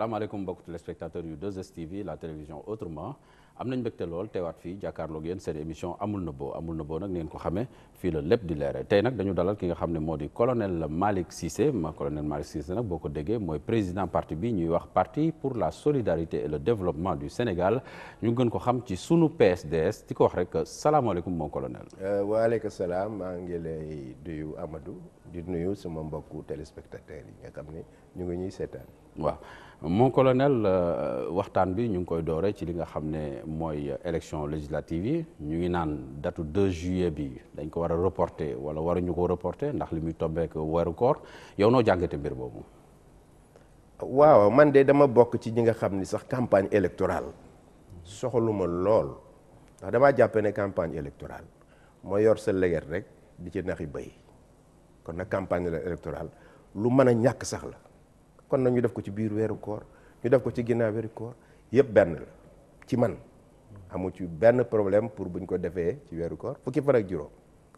salaamaaleykum mbokk téléspectateurs yu 2STV la télévision autrement am nañ mbégte lool teewaat fii jàkkaarloog yéen seen émission amul nëbboo amul nëbboo nag ni ngeen ko xamee fii la lépp di leere tey nag dañu dalal ki nga xam ne moo di colonel Malick Cissé ma colonel Malick Cissé nag boo ko déggee mooy président parti bi ñuy wax parti pour la solidarité et le développement du Sénégal ñu gën ko xam ci sunu PSDS di ko wax rek salaamaaleykum mon colonel. Euh, waaleykum salaam maa ngi lay nuyu Amadou di nuyu sama mbokku téléspectateurs yi nga xam ne ñu ngi ñuy seetaan waaw. mon colonel euh, waxtaan bi ñu ngi koy doore ci li nga xam ne mooy élection législative yi ñu ngi naan datu 2 juillet bi dañ ko war a reporter wala waruñu ko reporter ndax li muy tombeek weeru koor yow noo jàngate mbir boobu. waaw man de dama bokk ci ñi nga xam ni sax campagne électorale soxaluma lool ndax damaa jàppe ne campagne électoral moo yor sa léget rek di ci naxi béy kon nag campagne électoral lu mën a ñàkk sax la. kon nag ñu def ko ci biir weeru koor ñu def ko ci ginnaaw weeru koor yëpp benn la ci man amu ci benn problème pour buñ ko defee ci weeru koor fukki fan ak juróom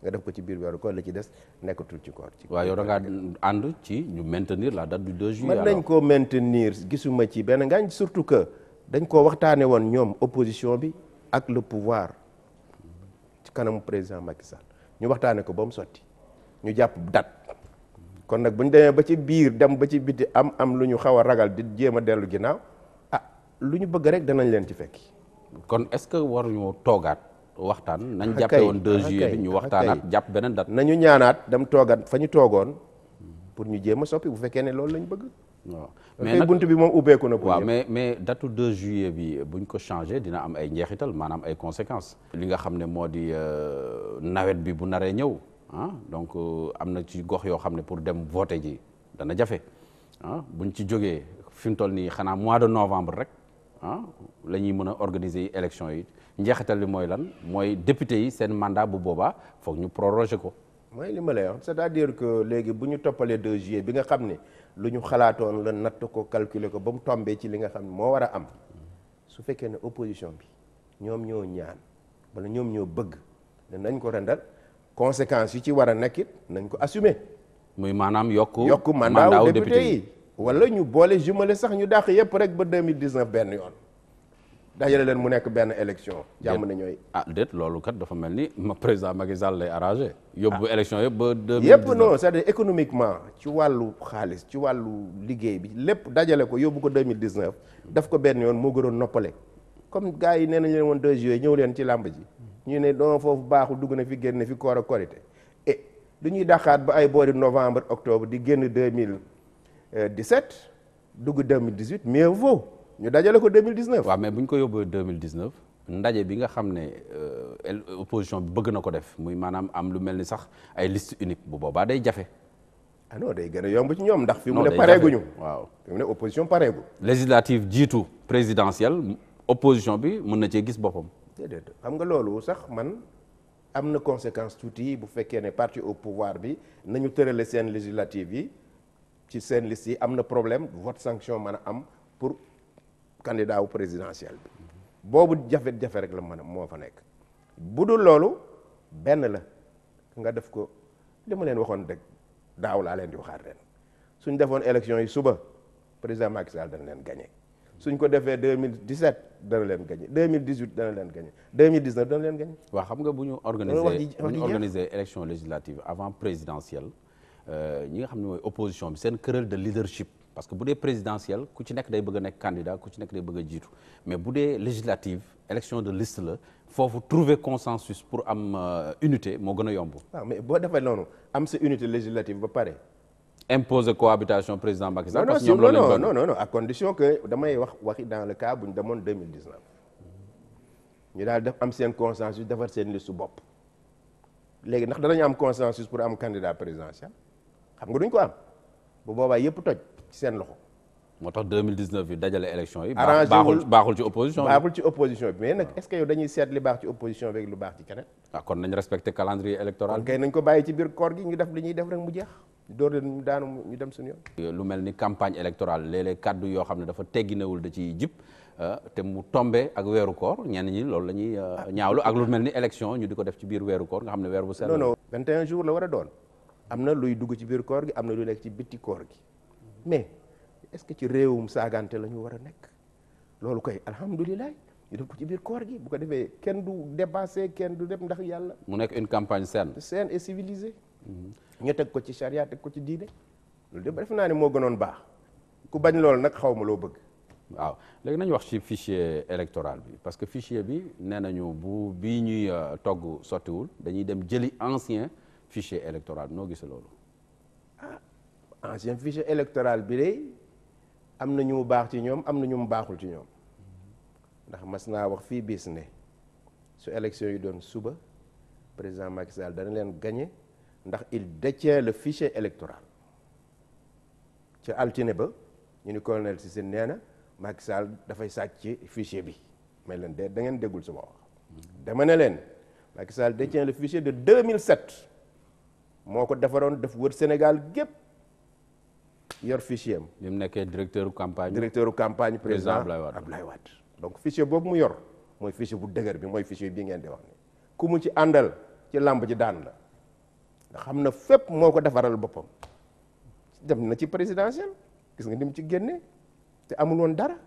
nga def ko ci biir weeru koor la ci des nekkatul ci koor ci waaw yow ànd ci ñu maintenir la date du 2 nañ koo maintenir gisuma ci benn ngaañ surtout que dañ koo waxtaane woon ñoom opposition bi ak le pouvoir ci kanamu président Macky Sall ñu waxtaane ko ba mu sotti ñu jàpp dat kon nag bu ñu demee ba ci biir dem ba ci biti am am lu ñu xaw a ragal di jéem a dellu ginnaaw ah lu ñu bëgg rek danañ leen ci fekki. kon est-ce que waruñu toogaat waxtaan. nañ jàppe woon 2 juillet bi ñu waxtaanaat jàpp beneen date. nañu ñaanaat dem toogaat fa ñu toogoon pour ñu jéem a soppi bu fekkee ne loolu lañ bëgg. waaw mais nag bunt moom ubbeeku na. waaw mais mais datu 2 juillet bi buñ ko changé dina am ay njeexital maanaam ay conséquences. li nga xam ne moo di euh, nawet bi bu naree ñëw. ah donc euh, am na ci gox yoo xam ne pour dem voter ji dana jafe ah buñ ci jógee fi mu toll nii xanaa mois de novembre rek ah la ñuy mën a organiser élection yi njeexital li mooy lan mooy député yi seen mandat bu boobaa foog ñu proroger ko. mooy li ma lay wax c'est-à-dire que léegi bu ñu toppalee 2 juillet bi nga xam ne lu ñu xalaatoon la natt ko calculer ko ba mu tombee ci li nga xam ne moo war a am su fekkee ne opposition bi ñoom ñoo ñaan wala ñoom ñoo bëgg da nañ ko rendal. conséquences yi ci war a nekkit nañ ko assumer. muy maanaam yokk yokk mandaaw député yi wala ñu boole jumale sax ñu dàq yëpp rek ba 2019 benn yoon dajale leen mu nekk benn élection jàmm na ñooy ah déet loolu kat dafa mel ni ma président Macky Sall lay arrangé yóbbu ah. élection yëpp ba 2019 yëpp no c'est-à-dire économiquement ci wàllu xaalis ci wàllu liggéey bi lépp dajale ko yóbbu ko 2019 daf ko benn yoon moo gënoon noppale comme gars yi nee nañ leen woon 2 juillet ñëw leen ci làmb ji ñu ne doon foofu baaxul dugg na fi génn fi koor a korite et du ñuy dàqaat ba ay boori novembre octobre di génn 2017 dugg 2018 mieux vaut ñu dajale ko 2019. waaw mais bu ñu ko yóbboo 2019 ndaje bi nga xam ne euh, opposition bi bëgg na ko def muy maanaam am lu mel ni sax ay liste unique bu boobaa day jafe. ah day gën a yomb ci ñoom ndax. fi mu ne pareeguñu waaw fi mu ne opposition jiitu présidentielle opposition bi mën na cee gis boppam. déedéet xam nga loolu sax man am na conséquence tuuti bu fekkee ne parti au pouvoir bi nañu tërale seen législative yi ci seen liste yi am na problème vote sanction mën a am pour candidat wu présidentiel bi boobu jafe-jafe rek la mën a moo fa nekk bu dul loolu benn la nga def ko li ma leen waxoon rek daaw laa leen di waxaat ren suñ defoon élection yi suba président Macky Sall dañ leen gagné. suñ ko defee 2017 dana leen gagné 2018 dana leen gagné 2019 dana leen gagné. waaw xam nga bu ñu organiser bu ñu organiser élection législative avant présidentielle euh, ñi nga xam ne mooy opposition bi seen querelle de leadership. parce que bu dee présidentielle ku ci nekk day bëgg a nekk candidat ku ci nekk day bëgg jiitu mais bu dee législative élection de list la foofu trouver consensus pour am euh, unité moo gën a yomb. Ah, mais boo defee noonu am si unité législative ba pare. imposer cohabitation président Macky Sall. parce que ñoom loolu non non non non à condition le cas bu ñu demoon 2019 ñu daal def am seen consensus defar seen liste bopp léegi ndax danañu am consensus pour am candidat présidentiel xam nga duñ ko am bu boobaa yëpp toj seen loxo. moo tax 2019 yu dajale élection yi. arrangé baaxul ci opposition bi baaxul ci opposition bi mais nag est ce que yow dañuy seet li baax ci opposition bi lu baax ci keneen. Ah, kon nañ respecté calendrier électoral kay nañ ko bàyyi ci biir koor gi ñu def li ñuy def rek mu jeex. door de ñu dem suñu euh, lu mel ni campagne électorale léeg-léeg yoo xam ne dafa tegginawul da ci jib euh, te mu tombé ak weeru koor ñenn ñi loolu la ñuy euh, ah, ñaawlu ak lu mel ni élection ñu di ko def ci biir weeru koor nga xam ne weer bu sell. non non 21 jours la war a na luy dugg ci biir koor gi am na luy nekk ci bitti koor gi mais est-ce que ci réewum saagante la ñu war a nekk loolu koy alhamdulilah ñu def ko ci biir koor gi bu ko defee kenn du dépassé kenn du dem ndax yàlla. mu nekk une campagne saine. saine et civilisée. Mhm. ñu teg ko ci charia teg ko ci diine loolu de def naa ne moo gënoon baax ku bañ loolu nag xaw ma loo bëgg. waaw léegi nañu wax ci fichier électoral bi parce que fichier bi nee nañu bu bii ñuy euh, togg sottiwul dañuy dem jëli ancien fichier électoral noo gisee loolu. ah am na ñu mu baax ci ñoom am na ñu mu baaxul ci ñoom ndax mas naa wax fii biis ne su élection yi doon suba président Macky Sall dana leen gañe ndax il détient le fichier électoral ca altine ba ñu ni si Cissé nee na Macky Sall dafay sàcc ci fichier bi may leen de da ngeen déggul sama wax dema ne leen Macky Sall le fichier de 2007 moo ko defaroon def wër Sénégal gépp yor fichier am. mu nekkee directeur campagne. directeur campagne président Abdoulaye Wade donc fichier boobu mu yor mooy fichier bu dëgër bi mooy fichier bi ngeen di wax ni ku mu ci àndal ci làmb ji daan la nga xam na fépp moo ko defaral boppam dem na ci présidentiel gis nga ni ci génne te amul woon dara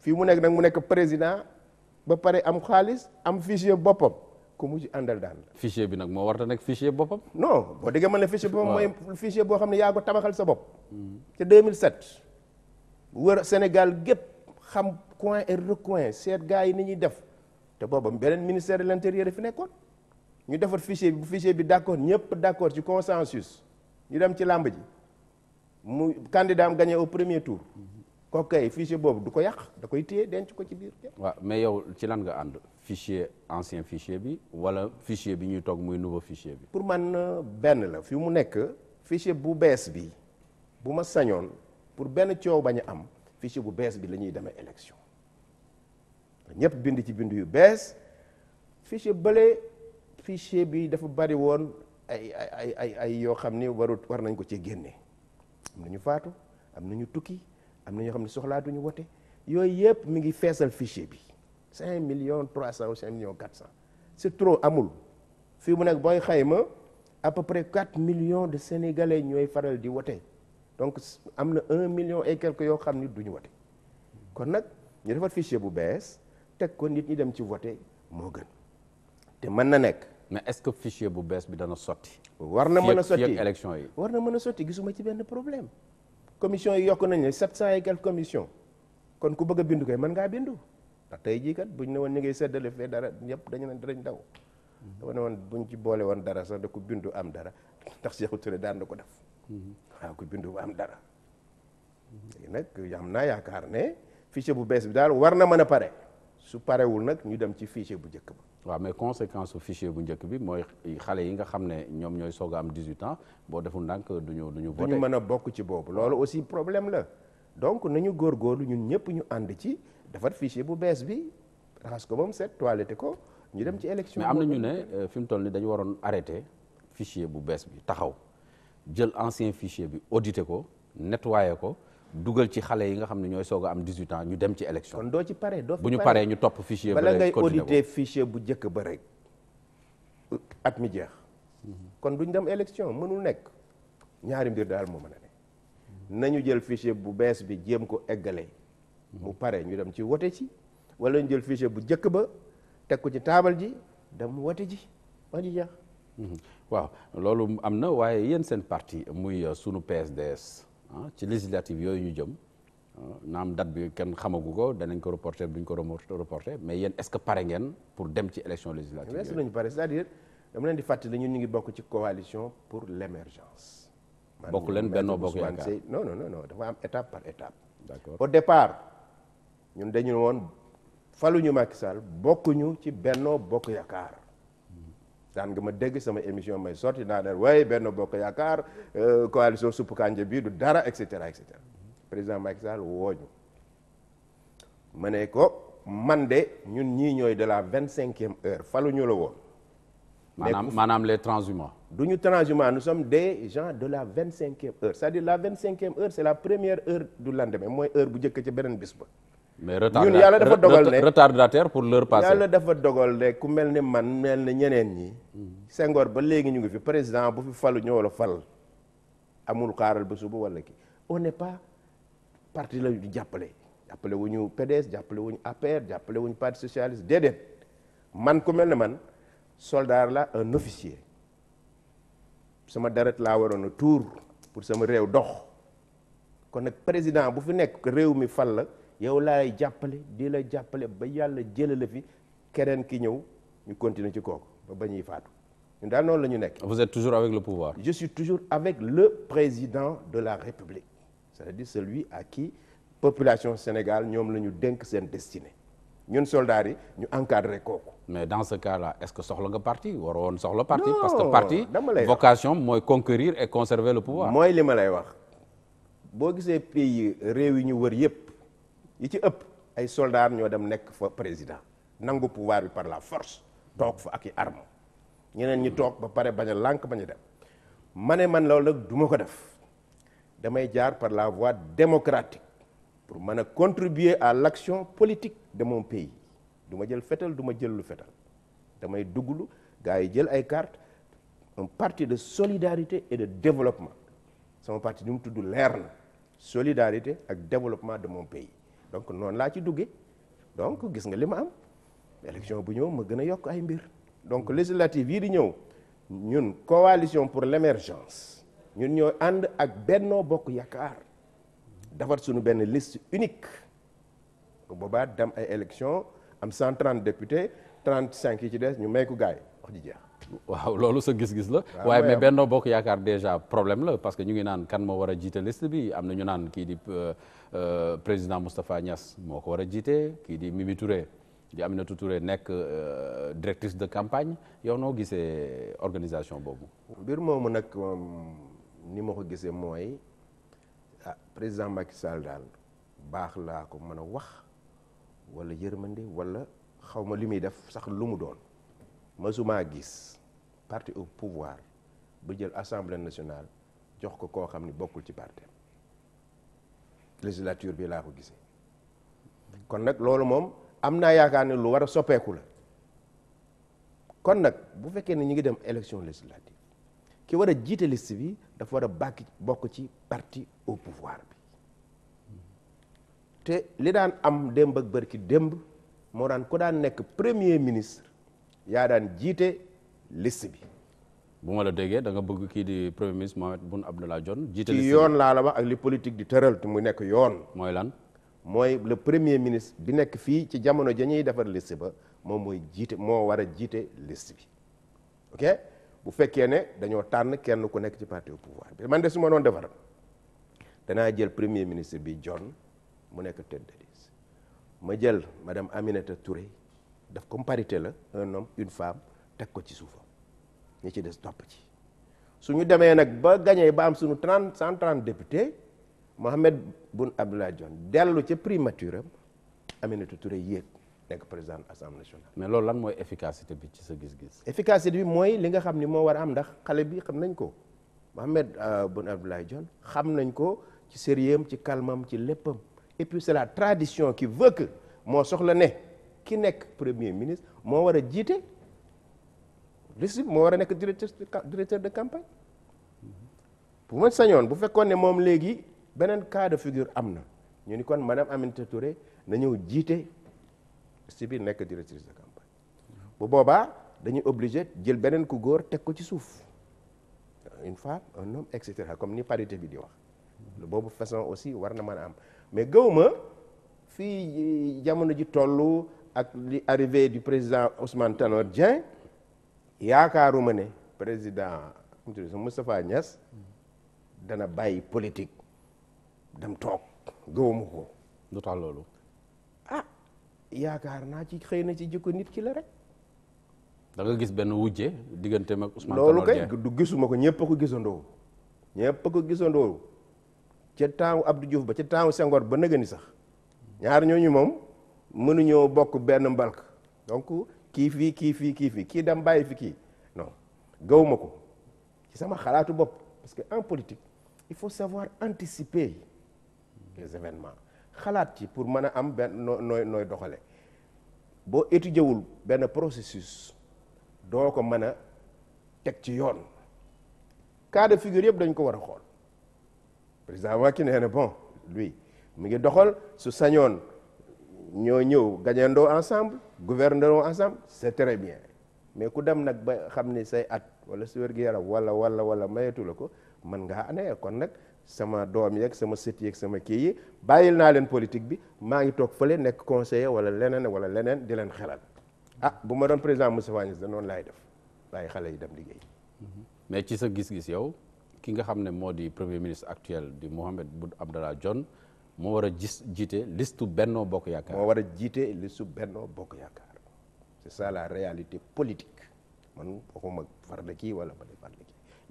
fii mu nekk nag mu nekk président ba pare am xaalis am fichier boppam. ku mujj àndal daal la. fichier bi nag moo war ta nekk fichier boppam. non boo déggee man ne fichier boppam mooy fichier boo xam ne yaa ko tabaxal sa bopp. mil 2007. wër Sénégal gépp xam coin et recoin seet gars yi ni ñuy def te boppam beneen ministère de l'intérieur fi nekkoon ñu defar fichier bi bu fichier bi d'accord ñëpp d'accord ci consensus ñu dem ci làmb ji mu candidat am au premier tour. kooku kay fichier boobu du ko yàq da koy téye denc ko ci biir. waaw mais yow ci lan nga ànd fichier ancien fichier bi wala fichier bi ñuy toog muy nouveau fichier bi. pour man benn la fi mu nekk fichier bu bees bi bu ma sañoon pour benn coow bañ am fichier bu bees bi la ñuy demee élection ñëpp bind ci bind yu bees fichier bële fichier bi dafa bari woon ay ay ay yoo xam ni warut war nañ ko ci génne am na ñu faatu am na ñu tukki. am na ñoo xam ne soxlaa duñu wote yooyu yëpp mi ngi feesal fichier bi cinq millions trois cent ou cinq millions quatre cent c'est amul fii mu nekk booy xayma à peu près quatre millions de sénégalais ñooy faral di wote donc am na un millions et quelques yoo xam ni duñu wote kon nag ñu defar fichier bu bees teg ko nit ñi dem ci voter moo gën te mën na nekk. mais est-ce que fichier bu bees bi dana sotti. war na mën a sotti élection yi. war na mën a sotti gisuma ci benn problème. commission yi yokk nañ la sept cent et quelques commission kon ku bëgg a bindu koy man ngaa bindu ndax tey jii kat bu ñu ne woon ñu ngi seddale fee dara ñëpp dañu ne darañ daw dama ne woon buñ ci boole woon dara sax da ku bindu am dara ndax Cheikh Touré daan na ko def waaw ku bindu am dara léegi nag am naa yaakaar ne fichier bu bees bi daal war na mën a pare su parewul nag ñu dem ci fichier bu njëkk ba. waaw mais conséquence su fichier bu njëkk bi mooy xale yi nga xam ne ñoom ñooy soog a am 18 ans boo deful ndànk du ñu du ñu. voté du ñu mën a bokk ci boobu loolu aussi problème la donc nañu góorgóorlu ñun ñëpp ñu ànd ci defar fichier bu bees bi raxas ko moom mu set toilette ko ñu dem ci élection. mais am na ñu ne euh, fi mu toll ni dañu waroon arrêté fichier bu bees bi taxaw jël ancien fichier bi audité ko nettoyé ko. dugal ci xale yi nga xam ne ñooy soog a am 18 ans ñu dem ci élection. kon doo ci pare doo bu ñu paree ñu topp fichier. ba bala ngay auditer fichier bu njëkk ba rek at mi jeex. kon duñ dem élection mënul nekk ñaari mbir daal moo mën ne. nañu jël fichier bu bees bi jéem ko eggale. mu pare ñu dem ci wote ci wala ñu jël fichier bu njëkk ba teg ko ci taabal ji dem wote ji wax ji waaw loolu am na waaye yéen seen partie muy euh, sunu PSDS. Ah, ci législative yooyu ñu jëm ah, naam date bi kenn xamagu ko danañ ko reporter duñ ko reporter mais yéen est-ce que pare ngeen pour dem ci élection législative yooyu. est-ce que nañu pare c'est-à-dire dama leen di fàttali ñun ñu ngi bokk ci coalition pour l'émergence. bokk leen Benno Bokk Yaakaar non non non dafa am étape par étape. d'accord au départ ñun dañu woon faluñu Macky Sall bokkuñu ci Benno Bokk Yaakaar. daan nga ma dégg sama émission may sorti naa leen waaye benn bokk yaakaar euh, coalition suppu kànja bii du dara et cetera président Macky Sall wooñu ma ne ko man de ñun ñii ñooy de la vingt cinquième heure falu ñu la woon maanaam maanaam les transhumants du ñu transhumants nous sommes des gens de la vingt cinquième heure c'est-à-dire la vingt cinquième heure c'est la première heure du lendemain mooy heure bu njëkk ca beneen bis ba mais ñun yàlla dafa dogal ne pour l'heure passée yàlla dafa dogal ne ku mel ni man mel ni ñeneen ñi. Hmm. sengoor ba léegi ñu ngi fi président bu fi falu ñoo la fal amul xaaral ba suba wala ki on n'est pas parti la ñu jàppale jàppale wu ñu PDS jàppale wu ñu APR jàppale wu ñu parti socialiste déedéet man ku mel ne man soldat la un officier sama deret laa waroon a tuur pour sama réew dox kon nag président bu fi nekk réew mi fal la. yow laay jàppale di la jàppale ba yàlla jëlee fi keneen ki ñëw ñu continuer ci kooku ba ba ñuy faatu ñu daal noonu la ñu nekk. vous êtes toujours avec le pouvoir. je suis toujours avec le président de la république c'est-à-dire celui à qui population Sénégal ñoom la ñu dénk seen destinée ñun soldats yi ñu encadré kooku. mais dans ce cas là est ce que soxla nga parti waroon soxla parti. parce que parti vocation mooy conquérir et conserver le pouvoir. mooy li ma lay wax boo gisee pays réew yi ñu wër yëpp. yi ci ëpp ay soldats ñoo dem nekk fa président nangu pouvoir bi par la force toog fa ak i arme ñeneen ñi toog ba pare bañ a lànk bañ a dem ma ne man loolu nag du ma ko def damay jaar par la voie démocratique pour mën a contribuer à laction politique de mon pays du ma jël fetal du ma jël lu fetal damay dugglu gars yi jël ay carte un partie de solidarité et de développement sama parti ni mu tudd leer na solidarité ak développement de mon pays donc noonu laa ci duggee donc gis nga lima ma am élection bu ñëw ma gën a yokk ay mbir donc législative yii di ñëw ñun coalition pour l'émergence ñun ñoo ànd ak Benno Bokk Yaakaar defar suñu benn liste unique bu boobaa dem ay élection am 130 députés cinq yi ci des ñu may ko gaay wax ji jeex waaw loolu sa gis-gis la. waaye mais Benno Bokk Yaakaar déjà problème la parce que ñu ngi naan kan moo war a jiite liste bi am na ñu naan kii di euh, euh, président Moustapha Niass moo ko war a jiite kii di Mimi Touré di Aminata Touré nekk euh, directrice de campagne yow noo gisee organisation boobu. mbir moomu nag ni ma ko gisee mooy ah président Macky Sall daal baax laa ko mën a wax wala yërmande wala xaw ma li muy def sax lu mu doon mësumaa gis. parti au pouvoir bu jël assemblée nationale jox ko koo xam ni bokkul ci parti législature bi laa ko gisee kon nag loolu moom am naa yaakaar ne lu war a soppeeku la kon nag bu fekkee ne ñu ngi dem élection législative ki war a jiite liste bi dafa war a bàkki bokk ci parti au pouvoir bi te li daan am démb ak bërki démb moo daan ko daan nekk premier ministre yaa daan jiite liste bi. bu ma la déggee da nga bëgg kii di premier ministre Mohamed Boun Abdallah Dionne. yoon laa la ak li politique di tëral mu nekk yoon. mooy lan. mooy le premier ministre bi nekk fii ci jamono ja ñuy defar liste ba moom mooy jiite moo war a jiite liste bi bu fekkee ne dañoo tànn kenn ku nekk ci parti au pouvoir man de su ma doon defar danaa jël premier ministre bi Dionne mu nekk tête de ma jël madame Aminata Touré daf comme parité la un homme teg ko ci suufam. ñi ci des topp ci suñu demee nag ba gañee ba am suñu trente cent trente député Mohamed Boun Abdallah Dionne dellu ca primature am Aminata Touré yéeg nekk président assemblée nationale. mais loolu lan mooy efficacité bi ci sa gis-gis. efficacité bi mooy li nga xam ni moo war a am ndax xale bi xam nañ ko Mohamed euh, Boun Abdallah Dionne xam nañ ko ci sérieux ci calmam ci léppam et puis c'est la tradition qui veut que moo soxla ne ki nekk premier ministre moo war a jiite. Lissib moo war a nekk directeur de campagne bu ma sañoon bu fekkoon ne moom léegi beneen cas de figure am na ñu ni kon madame Aminata Touré na ñëw jiite si biir nekk directrice de campagne bu boobaa dañuy obligé jël beneen ku góor teg ko ci suuf une femme un homme et comme ni parité bi di wax boobu façon aussi war na mën a am mais ma fii jamono ji toll ak li arrivé du président Ousmane Tanor Dieng yaakaaruma ne président Moustapha Niass dana bàyyi politik dem toog gëwuma ko lu tax loolu ah yaakaar naa ci xëy na ci jikko nit ki la rek da gis benn wujje diggante mag Ousmane loolu kay du gisuma ko ñëpp ko gisandoo ñëpp a ko gisandoo ca taawu Abdou Diouf ba ca taawu Senghor ba nëgëni sax ñaar ñooñu moom mënuñoo bokk benn mbalk donc kii fii kii fii kii fii kii dem bàyyi fi kii non gawuma ko ci sama xalaatu bopp parce que en politique il faut savoir anticiper les événements xalaat ci pour mën a am benn nooy nooy doxale boo étudier wul benn processus doo ko mën a teg ci yoon cas de figure yëpp dañ ko war a xool président Macky nee na bon lui mu ngi doxal su sañoon ñoo ñëw gañandoo ensemble gouvernandoo ensemble c'est très bien mais ku dem nag ba xam ni say at wala sa wér-gu-yaram wala wala wala mayetu la ko mën ngaa anee kon nag sama doom yeeg sama sët yeeg sama kii yi bàyyil naa leen politique bi maa ngi toog fële nekk conseiller wala leneen wala leneen di leen xelal ah bu ma doon président Moustapha Niasse da noonu laay def waaye xale yi dem liggéey mais ci sa gis-gis yow ki nga xam ne moo di premier ministre actuel di Mohamed Boun Abdallah Dionne moo war a gis jiite listu Benno Bokk Yaakaar. moo war a jiite listu Benno Bokk Yaakaar c'est ça la réalité politique man waxuma farle kii wala ma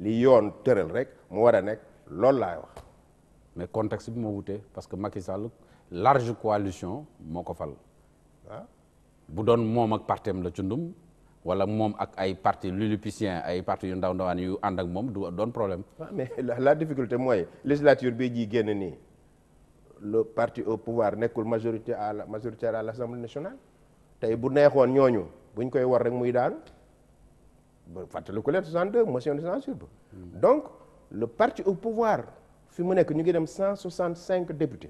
di yoon tëral rek mu war a nekk loolu laay wax. mais contexte bi moo wutee parce que Macky Sall large coalition moo ko fal. Ah. bu doon moom ak partem la cundum wala moom ak ay parti lilliputiens ay parti yu ndaw ndawaan yu ànd ak moom du doon problème. Ah, mais la difficulté mooy législature bi ji génn nii. le parti au pouvoir nekkul majorité à la majoritaire à l'Assemblée nationale tey bu neexoon bu buñ koy war rek muy daanu ba fàttaliku leen 62 motion de censure ba donc le parti au pouvoir fi mu nekk ñu ngi dem cent cinq députés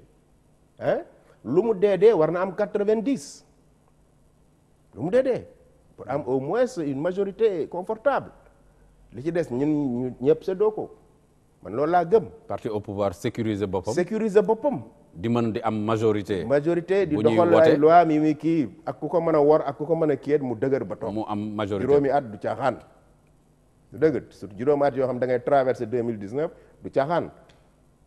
hein lu mu dee dee war na am 90 lu mu dee dee am au moins une majorité confortable li ci des ñun ñu ñëpp seddoo ko man loolu laa gëm. parti au pouvoir sécuriser boppam sécuriser boppam. di mën di am majorité. majorité di doxal ay loi mi muy kii ak ku ko mën a wor ak ku ko mën a kii mu dëgër ba toog. mu am majorité juróomi at du caaxaan. du dëgg surtout juróomi at yoo xam da ngay traversé deux mille dix neuf du caaxaan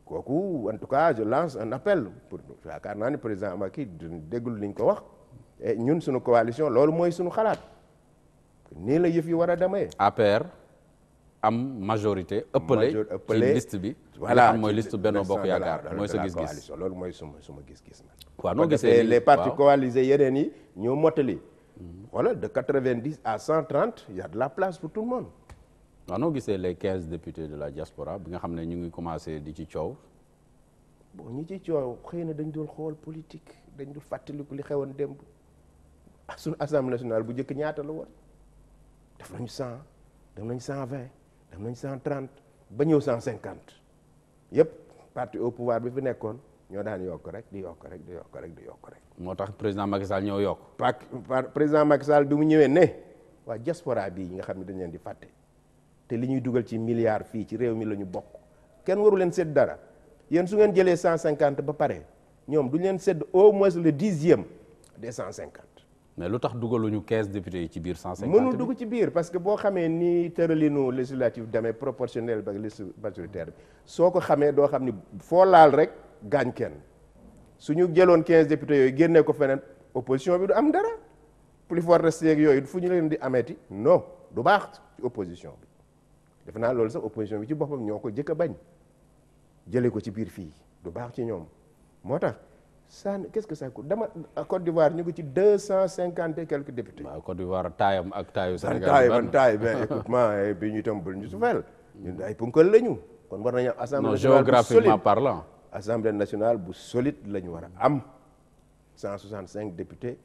kooku en tout cas je lance un appel pour yaakaar naa ni président Macky déggul liñ ko wax. et ñun suñu coalition loolu mooy suñu xalaat nii la yëf yi war a demee. APR. am majorité. ëppale ci liste bi. voilà am mooy liste Benno Bokk Yaakaar mooy sa gis-gis. loolu mooy suma suma gis-gis. waaw noo gisee les partis coalisés yeneen yi ñoo mottali. voilà de 90 à 130 il y a de la place pour tout le monde. waaw noo gisee les 15 députés de la diaspora bi nga xam ne ñu ngi commencé di ci coow. bon ñi ci coow xëy na dañ dul xool politique dañ dul fàttaliku li xewoon démb suñu assemblée nationale bu njëkk ñaata la woon def nañu 100 def nañu 120. am nañ cent trente ba ñëw cent cinquante yëpp parti au pouvoir bi fi nekkoon ñoo daan yokk rek di yokk rek di yokk rek di yokk rek. moo tax président Macky Sall ñëw yokk. par président Macky Sall bi mu ñëwee ne waa diaspora bii nga xam ne dañ leen di fàtte te li ñuy dugal ci milliards fii ci réew mi la ñu bokk kenn waru leen sedd dara yéen su ngeen jëlee cent cinquante ba pare ñoom du leen sedd au moins le dixième des cent cinquante. mais lu tax dugaluñu quinze députés yi ci biir cent cinquante mënul dugg ci biir parce que boo xamee ni tëralinu législatif damee proportionnel ba liste majoritaire bi soo ko xamee doo xam ni foo laal rek gaañ kenn suñu jëloon quinze députés yooyu génnee ko feneen opposition bi du am dara plus fort resté ak yooyu fu ñu leen di ameeti non du baax ci opposition bi def naa loolu sax opposition bi ci boppam ñoo ko jëkk bañ jëlee ko ci biir fii du baax ci ñoom moo tax ça qu'est-ce que ça coûte dama Côte d'Ivoire ñu ngi ci deux cent cinquante et quelques députés. waaw Côte d'Ivoire taayam ak taayu. Sénégal taay man taay mais écoutement eh, bi ñu itam bul ñu sufeel ñun ay punkal la ñu. kon war nañu am assemblée nationale bu solide géographiquement parlant. assemblée nationale bu solide la ñu war a am cent soixante cinq députés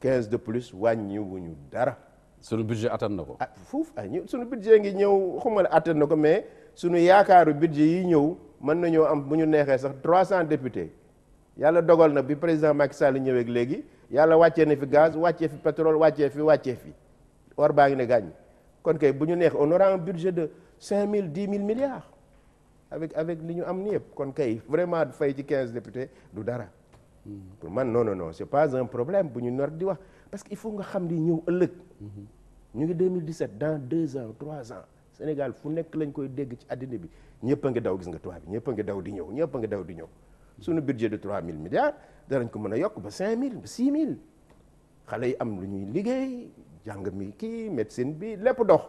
quinze de plus wàññiwuñu dara. sunu budget attan na ko. ah fuuf ay ah, ñëw sunu budget ngi ñëw xamal attan na ko mais sunu yaakaaru budget yi ñëw mën nañoo am bu ñu neexee sax trois cent députés. yàlla dogal na bi président Macky Sall ñëwee ak léegi yàlla wàccee na fi gaz wàccee fi pétrole wàccee fi wàccee fi or baa ngi ne gàññ kon kay bu ñu neex on aura un budget de cinq mille dix mille milliards avec avec li ñu am ni yëpp kon kay vraiment fay ci quinze députés du dara pour man non non non c'est pas un problème bu ñu nar di wax parce que il faut nga xam ni ñëw ëllëg ñu ngi 2017 dans deux ans trois ans Sénégal fu nekk lañ koy dégg ci àddina bi ñëpp a daw gis nga tubaab bi ñëpp a ngi daw di ñëw ñëpp a daw di ñëw suñu budget de 3000 milliards danañ ko mën a yokk ba 5000 ba 6000 xale yi am lu ñuy liggéey jàng mi ki médecine bi lépp dox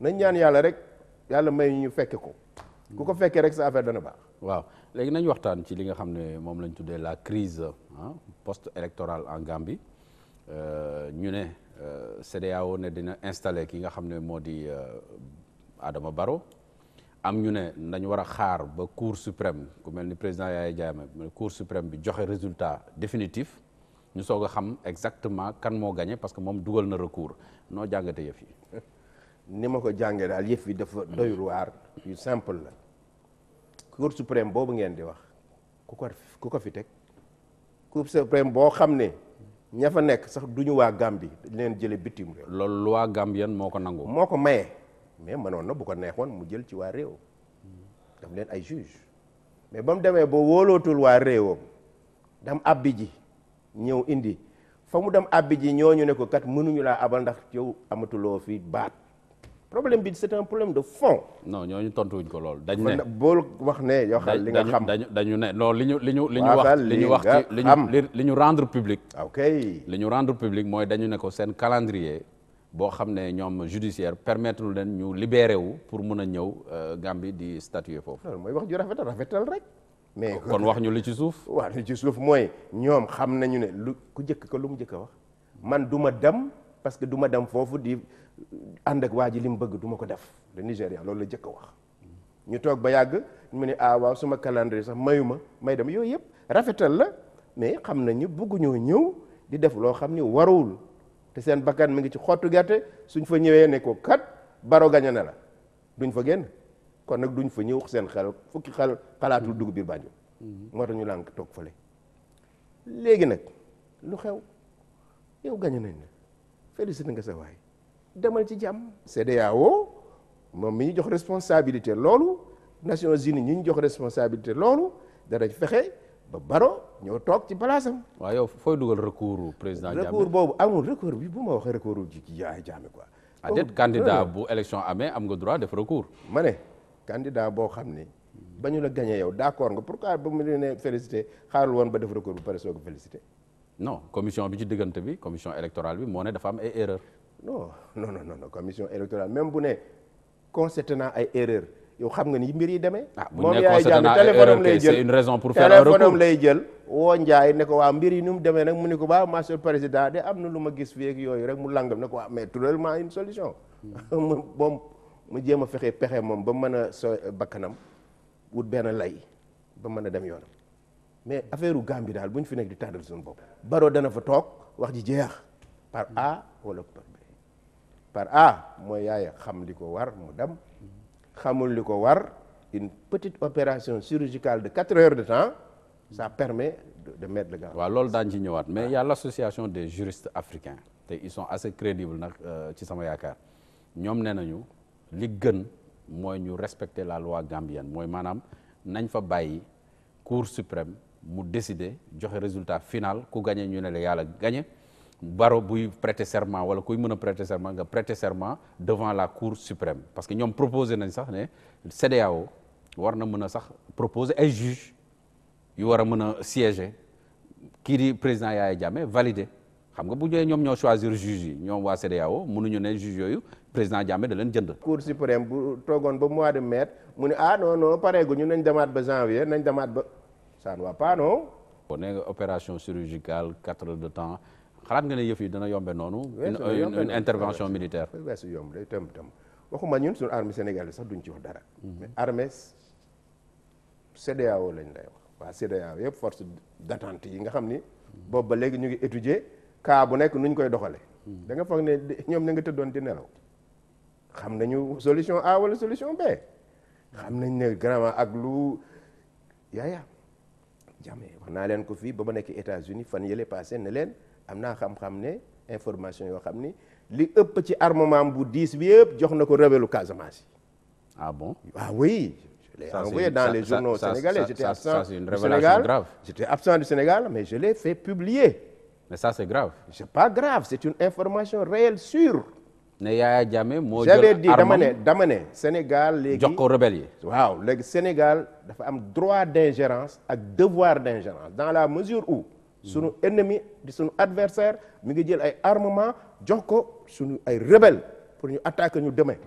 nañ ñaan yàlla rek yàlla may ñu fekke ko ku ko fekkee rek sa affaire dana baax. waaw léegi nañ waxtaan ci li nga xam ne moom lañu tuddee la crise ah post électorale en Gambie euh, ñu ne euh, CEDEAO ne dina installé ki nga xam ne moo di euh, Adama baro am ñu ne dañu war a xaar ba cour suprême ku mel ni président Yaya Jammeh cour suprême bi joxe résultat définitif ñu soog a xam exactement kan moo gañe parce que moom dugal na recours noo jàngate yëf yi. ni ma ko jàngee daal yëf yi dafa doy waar yu simple la cour suprême boobu ngeen di wax ku ko ku ko fi teg cour suprême boo xam ne ña fa nekk sax duñu waa Gambie dañ leen jële bitim loolu lu waa loi yan moo ko nangu. moo ko maye. mais mënoon na bu ko neexoon mu jël ci waa réew daf leen ay juge mais ba mu demee ba wóolootul waa réewam dem abbi ji ñëw indi fa mu dem abbi ji ñooñu ne ko kat mënuñu laa abal ndax yow amatuloo fi baat problème bi c'est un problème de fond. non ñooñu tontuwuñ ko loolu. dañ ne bool wax ne yoo xam li nga xam dañu dañu ne non li ñu li ñu. li ñu wax li wax ci li ñu li ñu rendre public. Ah, ok li ñu rendre public mooy dañu ne ko seen calendrier. boo xam ne ñoom judiciaire permettre leen ñu libéré wu pour mun a ñëw euh, Gambie di statuer foofu. loolu mooy wax ju rafetal rafetal rek. mais kon wax ñu li ci suuf. waaw ci suuf mooy ñoom xam nañu ne lu ku njëkk ko lu mu njëkk a wax man du ma dem parce que du ma dem foofu di ànd ak waa ji li mu bëgg duma ko def le Nigéria loolu la njëkk a wax. ñu toog ba yàgg mu ne ah waaw suma calendrier sax mayu ma may dem yooyu yëpp rafetal la mais xam nañu bëgguñoo ñëw di def loo xam ni warul. te seen bakkan mi ngi ci xottu gerte suñ fa ñëwee ne ko kat baro gañe na la duñ fa génn kon nag duñ fa ñëw seen xel fukki xel xalaatul dugub biir Banjul mm-hmm. moo tax ñu lànk toog fële léegi nag lu xew yow gañu nañ la félicité nga sa waay demal ci jàmm CEDEAO moom mi ñu jox responsabilité loolu Nations Unies ñi ñu jox responsabilité loolu danañ fexe ba Baro ñoo toog ci palaasam. waaw yow fooy dugal recours président Jammeh recours boobu amul recours bi bu ma waxee recours ji kii yaay Jammeh quoi. ah déet candidat bu élection amee am nga droit def recours. ma ne boo xam ne ba ñu la gagné yow d'accord nga pourquoi ba mu ne félicité xaarul woon ba def recours bu pare soo ko félicité. non commission bi ci diggante bi commission électorale bi moo ne ay erreurs. non non non non commission électorale même bu ne constaté ay erreurs. yow xam nga ni mbir yi demee. Ah, moom yaay jàmm téléphone am lay jël raison pour faire un recours téléphone am lay jël. woo Ndiaye ne ko waa mbir yi ni mu demee nag mu ne ko waa monsieur le président de am na lu ma gis fii yooyu rek mu langam ne ko waa mais trouve-moi une solution. moom hmm. mu jéem a fexe pexe moom ba mën a so bakkanam wut benn lay ba mën a dem yoonam mais affaire u bi daal bu ñu fi nekk di tàddal suñu bopp. baroo dana fa toog wax ji jeex par A wala par A mooy yaay xam li ko war mu dem. xamul li ko war une petite opération chirurgicale de quatre heures de temps ça permet de mettre le gant lool loolu daañ ci ñëwaat mais y a l'association des juristes africains te ils sont assez crédibles nag euh, ci sama yaakaar ñoom nee nañu li gën mooy ñu respecter la loi gambienne mooy maanaam nañ fa bàyyi cour suprême mu décider joxe résultat final ku gagné ñu ne la yàlla gagné baro buy prêter serment wala kuy mën a prêter serment nga prêter serment devant la cour suprême parce que ñoom proposé nañ sax ne CEDEAO war na mën a sax proposer ay juge yu war a mën a siéger kii di président Yaya Jammeh valide xam nga bu ñëwee ñoom ñoo choisir juge yi ñoom waa CEDEAO mënuñu ne juge yooyu président Jammeh da leen jënd. cour suprême bu toogoon ba mois de mai mu ne ah non non pareegu ñu nañ demaat ba janvier nañ demaat ba ça ne va nee opération chirurgicale quatre heures de temps. xalaat nga ne yëf yi dana yombe noonu. intervention militaire. weesu yomb day tam tëm waxuma ñun suñu armée sénégalaise sax duñ ci wax dara. Mhm. mais armée CEDEAO lañ lay wax waa CEDEAO yëpp force d'attente yi nga xam ni. Mhm. boobu ba léegi ñu ngi étudier kaa bu nekk nuñ koy doxale mhm. da nga foog ne ñoom na nga tëddoon di nelaw. xam nañu solution A wala solution B. xam nañ ne vraiment ak lu yaaya jàmm wax naa leen ko fii ba ma nekk États-Unis fan yële passé leen. am naa xam ne information yoo xam ni li ëpp ci armement bu diis bi yëpp jox na ko rebelu Casamance yi. ah bon ah dans les journaux sénégalais j'étais absent du Sénégal absent du Sénégal mais je l'ai fait publier. mais ça c'est grave. pas grave c'est une information réelle sûre. ne Yaya Jammeh moo jël di dama ne Sénégal léegi jox ko rebelle yi. waaw léegi Sénégal dafa am droit d'ingérence ak devoir d'ingérence dans la mesure ou sunu ennemi di sunu adversaire mi ngi jël ay armement jox ko sunu ay rebelle pour ñu attaque ñu demain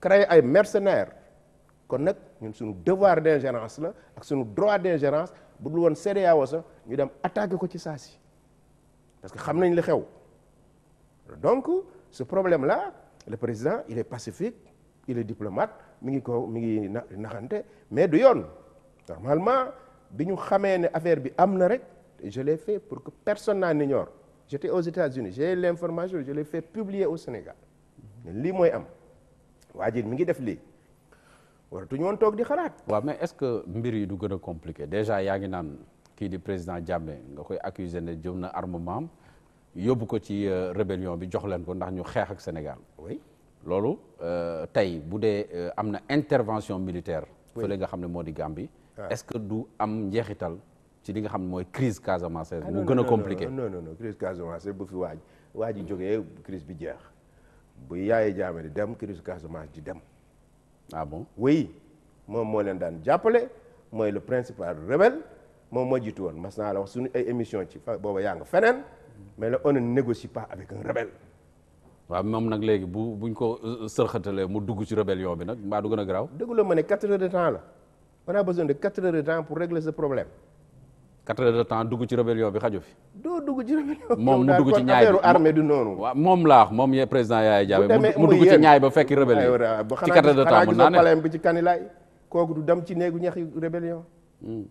créer ay mercenaires kon nag ñun sunu devoir d'ingérence la ak sunu droit d'ingérence bu dul woon CEDEAO sax ñu dem attaquer ko ci saa si parce que xam nañ li xew donc ce problème là le président il est pacifique il est diplomate mi ngi ko mi ngi naxante mais du yoon normalement bi ñu xamee ne affaire bi am na rek. je l'ai fait pour que personne n'en ignore j'étais aux États-Unis j'ai l'information je l'ai fait publier au Sénégal lii mooy am waa ji mi ngi def lii waratuñu woon toog di xalaat. waa mais est-ce que mbir yi du gën compliqué déjà yaa ngi naan kii di président Jammeh nga koy accuser ne jëm na armement yóbbu ko ci euh, rébellion bi jox leen ko ndax ñu xeex ak Sénégal. oui loolu euh, tey bu dee euh, am na intervention militaire. fële nga xam ne moo di Gambie. Ah. est-ce que du am njeexital. ci li nga xam mooy crise Casamance ah, mu gën a compliqué non non non crise Casamance bu fi waaj waaj yi jógee crise bi jeex bu yaayee jaame di dem crise Casamance di dem ah bon oui moom moo leen daan jàppale mooy le principal rebelle moom moo jiitu woon mas naa la wax suñu émission ci fa booba yaa nga feneen mais la on ne négocie pas avec un rebelle moom nag léegi bu buñ ko euh, euh, sërxatalee mu dugg ci rébellion bi nag mbaa du gën a garaaw dëgg la ma ne quatre heures de temps la on a besoin de quatre heures de pour régler ce problème quatre heures de temps dugg ci rébellion bi xaju fi. doo dugg ci rébellion. moom mu dugg ci ñaay bi du noonu. waaw moom laa moom yee président Yaya mu dugg ci ñaay ba fekk rébellion. ci quatre heures de temps mun naa ne xanaa bi ci kanilaay kooku du dem ci néegu ñax rébellion. Hmm.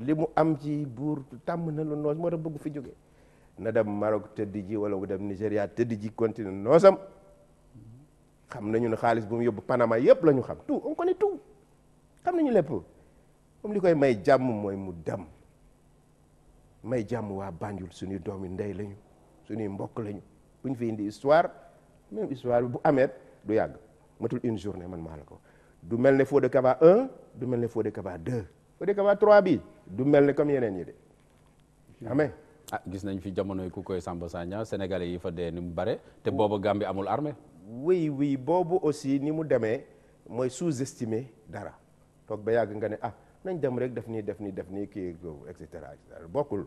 li mu am ci buur tàmm na lu noos moo tax bëgg fi jóge na dem Maroc tëdd ji wala mu dem Nigéria tëdd ji continue noosam xam nañu ne xaalis bu mu yóbbu Panama yëpp la ñu xam tout on connaît tout nañu lépp. comme li koy may jàmm mooy mu dem may jàmm waa Banjul suñuy doomi ndey lañu suñuy mbokk lañu bu ñu fi indi histoire même histoire bi bu ameet du yàgg matul une journée man maa la ko du mel ne Fodé Kaba 1 du mel ne Fodé Kaba 2 Fodé bi du mel ni comme yeneen yi de amee ah gis nañ fi jamono yi ku koy Samba Sagna sénégalais yi fa dee ni mu bare te booba Gambie amul armée wéy oui boobu aussi ni mu demee mooy sous-estimer dara toog ba yàgg nga ne ah nañ dem rek def nii def nii def nii kii et cetera et cetera bokkul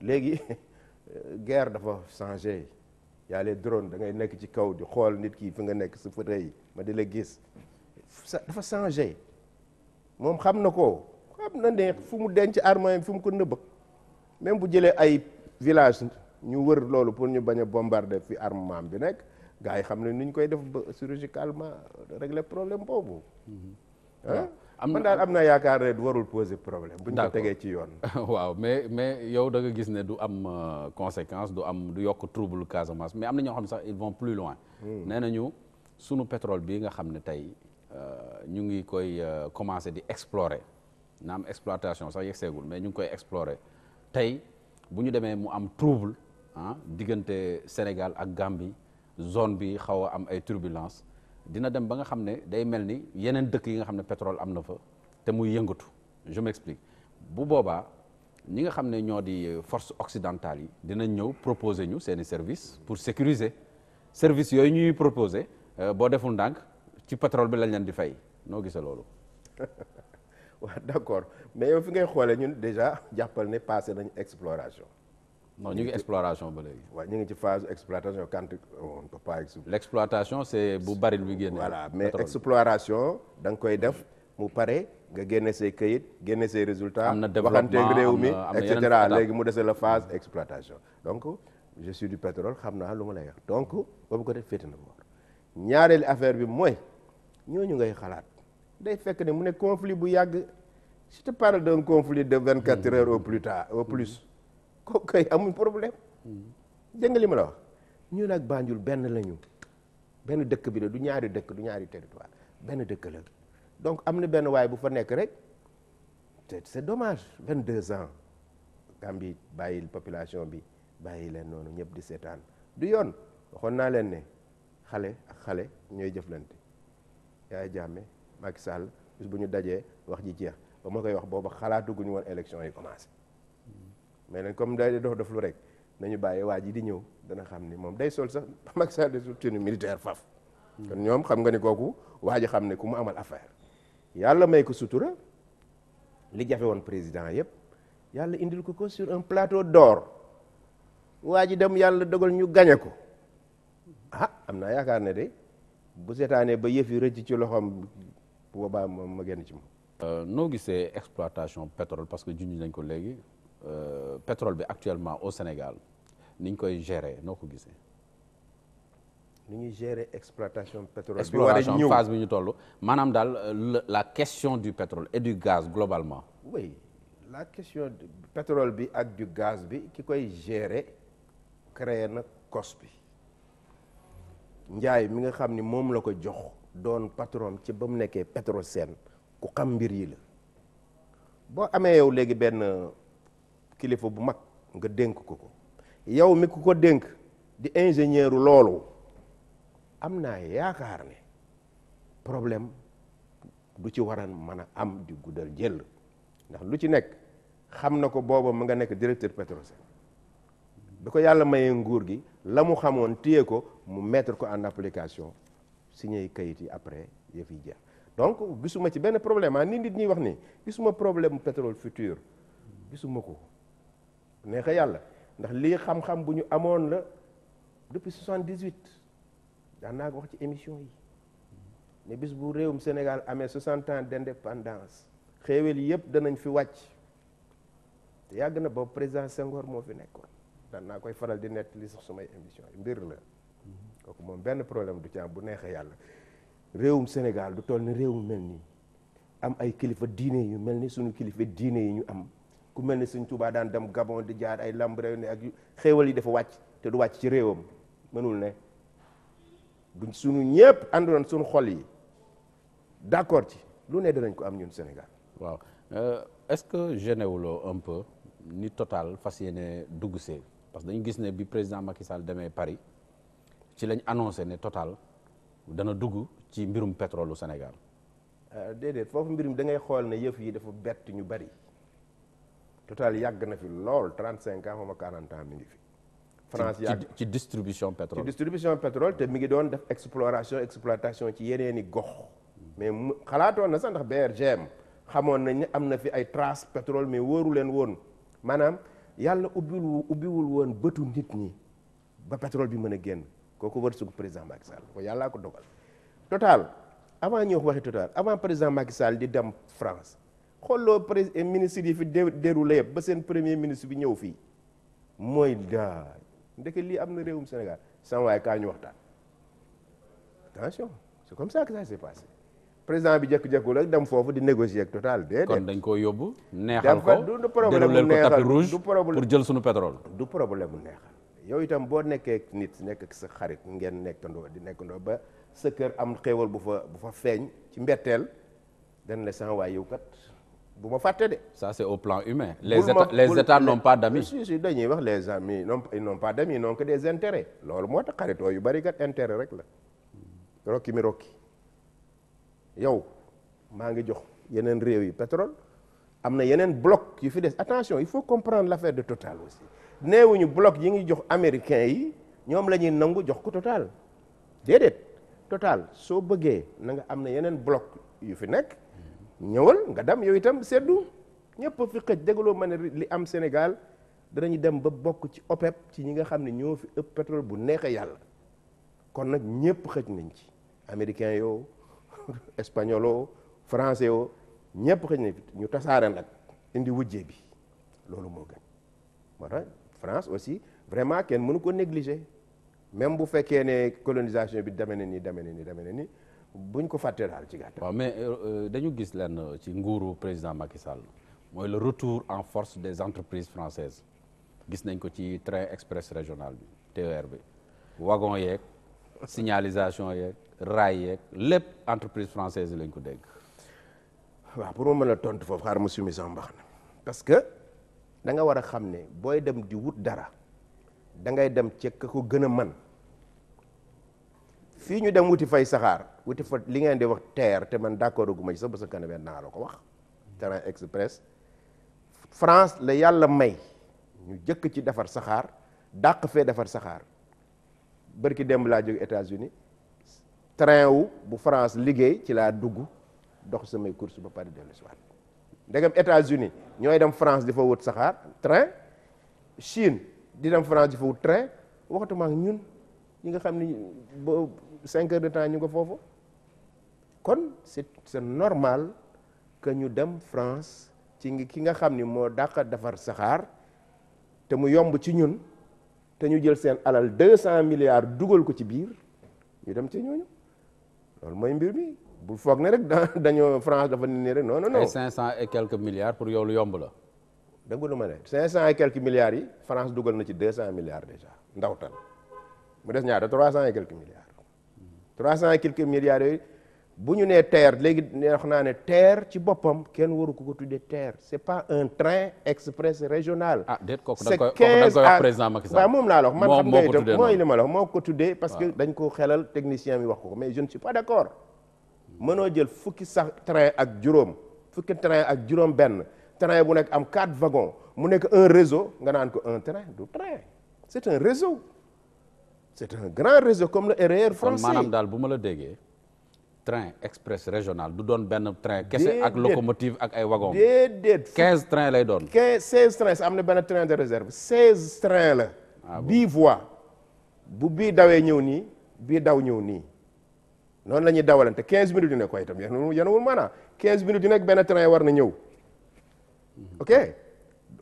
léegi guerre dafa changé y a les drones da ngay nekk ci kaw di xool nit ki fi nga nekk su fa rëy ma di la gis dafa changé moom xam na ko xam na ne fu mu denc arme fu mu ko nëbb même bu jëlee ay village ñu wër loolu pour ñu bañ a bombarder fi armement bi nekk gars yi xam ne nu ñu koy def ba chirurgicalement régler problème boobu ah am na daal am na yaakaar ne du warul poser problème. bu buñ ko tegee ci yoon. waaw mais mais yow da nga gis ne du am euh, conséquence du am du yokk trouble Casamance mais am na ñoo xam sax ils vont plus loin. Hmm. nee nañu sunu pétrole bii nga xam ne tey euh, ñu ngi koy euh, commencer di explorer am exploitation sax seegul mais ñu ngi koy explorer tey bu ñu demee mu am trouble ah diggante Sénégal ak Gambie zone bi xaw am ay turbulences. dina dem ba nga xam ne day mel ni yeneen dëkk yi nga xam ne pétrole am na fa te muy yëngatu je m'explique bu boobaa ñi nga xam ne ñoo di euh, force occidentale yi dinañ ñëw proposer ñu seeni service pour sécuriser service yooyu ñuy proposer euh, boo deful ndànk ci pétrole bi lañ leen di fay noo gisee loolu waaw d'accord mais yow fi ngay xoolee ñun déjà jàppal ne passé nañu exploration non ñu ngi exploration ba léegi. waa ñu ngi ci phase exploitation quand euh, on ne peut pas. l' exploitation c' bu baril bi génne. voilà mais exploration da nga koy def mu pare nga génne say këyit génne see résultat am na développement waxanteeg réew mi et léegi mu desee la phase exploitation. donc je suis du pétrole xam naa lu ma lay wax donc boobu ko def féete na boor ñaareelu affaire bi mooy ñooñu ngay xalaat day fekk ne mu ne conflit bu yàgg je te parle d' un conflit de vingt quatre hmm. heures au au plus. kooku kay amul problème dégg li ma la wax ñun ak Banjul benn lañu benn dëkk bi la du ñaari dëkk du ñaari territoire benn dëkk la donc am na benn waay bu fa nekk rek te c'est domage vingt deux ans Gambie bàyyil population bi bàyyi leen noonu ñëpp di seetaan du yoon waxoon naa leen ne xale ak xale ñooy jëflante yaay jàmme Macky Sall bis bu ñu dajee wax ji jeex ba ma koy wax boobu xalaatuguñu woon élection yi commencé mais nag comme day dox dof lu rek nañu bàyyi waa ji di ñëw dana xam ni moom day sol sax Macky Sall de sol tenue militaire faf hmm. ñoom xam nga ni kooku waa ji xam ne ku mu amal affaire yàlla may ko sutura li jafe woon président yëpp yàlla indil ko ko sur un plateau door waa ji dem yàlla dogal ñu gañe ko ah am naa yaakaar ne de bu seetaanee ba yëf yi rëcc ci loxoom bu boobaa moom ma génn ci moom. Euh, noo gisee exploitation pétrole parce que junj nañ ko léegi. Euh, pétrole bi actuellement au Sénégal ni ñu koy géree noo ko gisee. ni ñuy gérer exploitation pétrole. exploitation phase bi ñu toll maanaam daal la question du pétrole et du gaz globalement. oui la question du pétrole bi ak du gaz bi ki koy gérer créé na cos bi. Njaay mi nga xam ni moom la ko jox doon patron ci ba mu nekkee Petrosen ku xam mbir yi la boo amee yow léegi benn. kilifa bu mag nga dénk ko ko yow mi ku ko dénk di ingénieur loolu am naa yaakaar ne problème du ci waran mën a am di guddal jël ndax lu ci nekk xam na ko booba mu nga nekk directeur Petrosen bi ko yàlla mayee nguur gi la mu xamoon téye ko mu mettre ko en application signé kayit yi après yëf yi jeex donc gisuma ci benn problème ah ni nit ñi wax nii gisuma problème pétrole future gisuma ko neex yàlla ndax lii xam-xam bu ñu amoon la depuis 78 daan naa ko wax ci émission yi ne bis bu réewum Sénégal amee 60 ans d'indépendance xéewal yëpp danañ fi wàcc te yàgg na boobu président Senghor moo fi nekkoon daan naa koy faral di nettali sax sumay émission yi mbir la kooku moom benn problème du ci bu neexee yàlla réewum Sénégal du toll ni mu mel nii am ay kilifa diine yu mel ni suñu kilifa diine yi ñu am ku mel ni suñ Tuubaa daan dem Gabon di jaar ay lamb ne ak xéewal yi dafa wàcc te du wàcc ci réewam mënul ne buñ sunu ñëpp àndoon sunu xol yi d'accord ci lu ne danañ ko am ñun Sénégal. waaw euh, est-ce que généwuloo un peu ni Total fas yéene dugg see parce que dañu gis ne bi président Macky Sall demee Paris ci lañ annoncé ne Total dana dugg ci mbirum pétrole u Sénégal. Euh, déedéet foofu mbirum da ngay xool ne yëf yi dafa bett ñu bari. total yàgg na fi lool trent cinq ans mi ngi fi. France yàgg ci distribution pétrole. ci distribution pétrole te mi ngi doon def exploration exploitation ci yeneeni gox. mais mu xalaatoon na sax ndax BRGM xamoon nañ ne am na fi ay trace pétrole mais wóoru leen woon maanaam yàlla ubbiwul ubbiwul woon bëtu nit ñi ba pétrole bi mën a génn kooku wërsëgu président Macky Sall ko yàllaa ko dogal. total avant ñuy wax waxi total avant président Macky di dem France. xooloo pré eh, ministre yi fi déroulé yëpp ba seen premier ministre bi ñëw fii mooy daa ndeke lii am na réewum Sénégal sama kaa ñu waxtaan attention comme ça que ça président bi jékku-jékku rek dem foofu di négocier ak Total déedéet. kon dañ koo yóbbu. neexal ko du problème mu neexal du problème jël sunu pétrole. du problème mu neexal yow itam boo nekkee nit nekk ak sa xarit ngeen nekkandoo di nekkandoo ba sa kër am xéewal bu fa bu fa feeñ ci mbetteel dañ la sama waay yow kat. bu ma fàtte de. ça c'est plan humain. les états les états n'ont pas d'amis. si si dañuy wax les amis non ils n'ont pas d'amis ils n'ont des intérêts. loolu moo tax xaritoo yu bari kat intérêt rek la. rokki mi rokki yow maa ngi jox yeneen réew yi pétrole am na yeneen bloc yu fi des attention il faut comprendre l'affaire de totale aussi ñu bloc yi ngi jox américain yi ñoom la ñuy nangu jox ko Total déedéet Total soo bëggee na nga am na yeneen bloc yu fi nekk. ñëwal nga dem yow itam seddu ñëpp fi xëj dégloo ma ne li am Sénégal danañu dem ba bokk ci OPEP ci ñi nga xam ne ñoo fi ëpp pétrole bu neexee yàlla kon nag ñëpp xëj nañ ci américain yow espagnol oo français yoo ñëpp xëj fit ñu tasaare nag indi wujje bi loolu moo gën moo tax France aussi vraiment kenn mënu ko négliger même bu fekkee ne colonisation bi demee na ni demee na ni demee na ni buñ ko fàttee daal ci gàttal. waaw mais euh, euh, dañu gis lenn euh, ci nguuru président Macky Sall mooy le retour en force des entreprises françaises gis nañ ko ci train express régional bi TER bi wagon yeeg signalisation yeeg rail yeeg lépp entreprise française lañ ko dégg. waaw pour ma mën a tontu foofu xaar mu sumi sama mbax na parce que da nga war a xam ne booy dem di wut dara da ngay dem ca ko gën a man fii ñu dem wuti fay saxaar wuti fa li ngeen di wax terre te man d'accord gu ma ci sax ba sa kanamee naa la ko wax train express France la yàlla may ñu jëkk ci defar saxaar dàq fee defar saxaar bërki demb laa jóg États-Unis train wu bu France liggéey ci laa dugg dox samay course ba pare dellu si ndegam États-Unis ñooy dem France di fa wut saxaar train Chine di dem France di fa wut train waxtuma ñun ñi nga xam ni boo cinq heures de temps ñu ko foofu kon c'est c'est normal que ñu dem France ci ngi ki nga xam ni moo dàqa defar saxaar te mu yomb ci ñun te ñu jël seen alal deux cent milliards dugal ko ci biir ñu dem ci ñooñu loolu mooy mbir mi bu foog ne rek dañoo France dafa ne nii rek non non non. ay cinq cent et quelques milliards pour yow lu yomb la. dégg lu ma ne cinq cent et quelques milliards yi France dugal na ci deux cent milliards déjà ndawtal mu des ñaata trois cent et quelques milliards. trois cent et quelques yooyu bu ñu nee terre léegi wax naa ne terre ci boppam kenn waru ko ko tuddee terre c' est pas un train express régional. ah déet kooku da nga koy moom laa la man xam nga itam mooy li ma la wax moo ko tuddee. parce que dañ ko xelal technicien bi wax ko mais je ne suis pas d' accord. mënoo jël fukki sax train ak juróom fukki train ak juróom benn train bu nekk am quatre wagons mu nekk un réseau nga naan ko un train du train c' est un réseau. c'est un grand réseau comme le RER e français kon daal bu ma la déggee train express régional du doon benn train kese ak locomotive ak ay wagon déedéet quinze train lay doon 15 16 sa am na benn train de réserve 16 train la ah bii voie bu bii dawee ñëw nii bii daw ñëw nii noon la ñuy dawalante quinze minutes yu nekk koy itam yenwul maanaam 15 minutes yu nekk benn train war na ñëw ok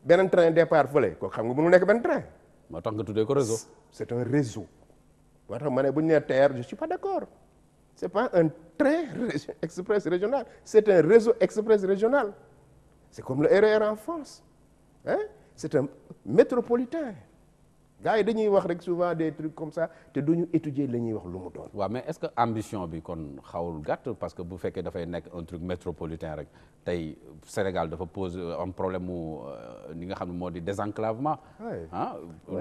beneen train départ fële ko xam nga mënul nekk benn train moo tax nga ko réseau moo tax ma ne bu ñu ne TER je suis pas d' accord c' est pas un train express régional c' est un réseau express régional c' est comme le RER en France hein c' un métropolitain gars yi dañuy wax rek souvent des trucs comme ça te du ñu étudier la ñuy wax lu mu doon. waaw mais est-ce que ambition bi kon xawul gàtt parce que bu fekkee dafay nekk un truc métropolitain rek tey Sénégal dafa pose euh, am problème mu euh, li nga xam ne moo di désenclavement. ah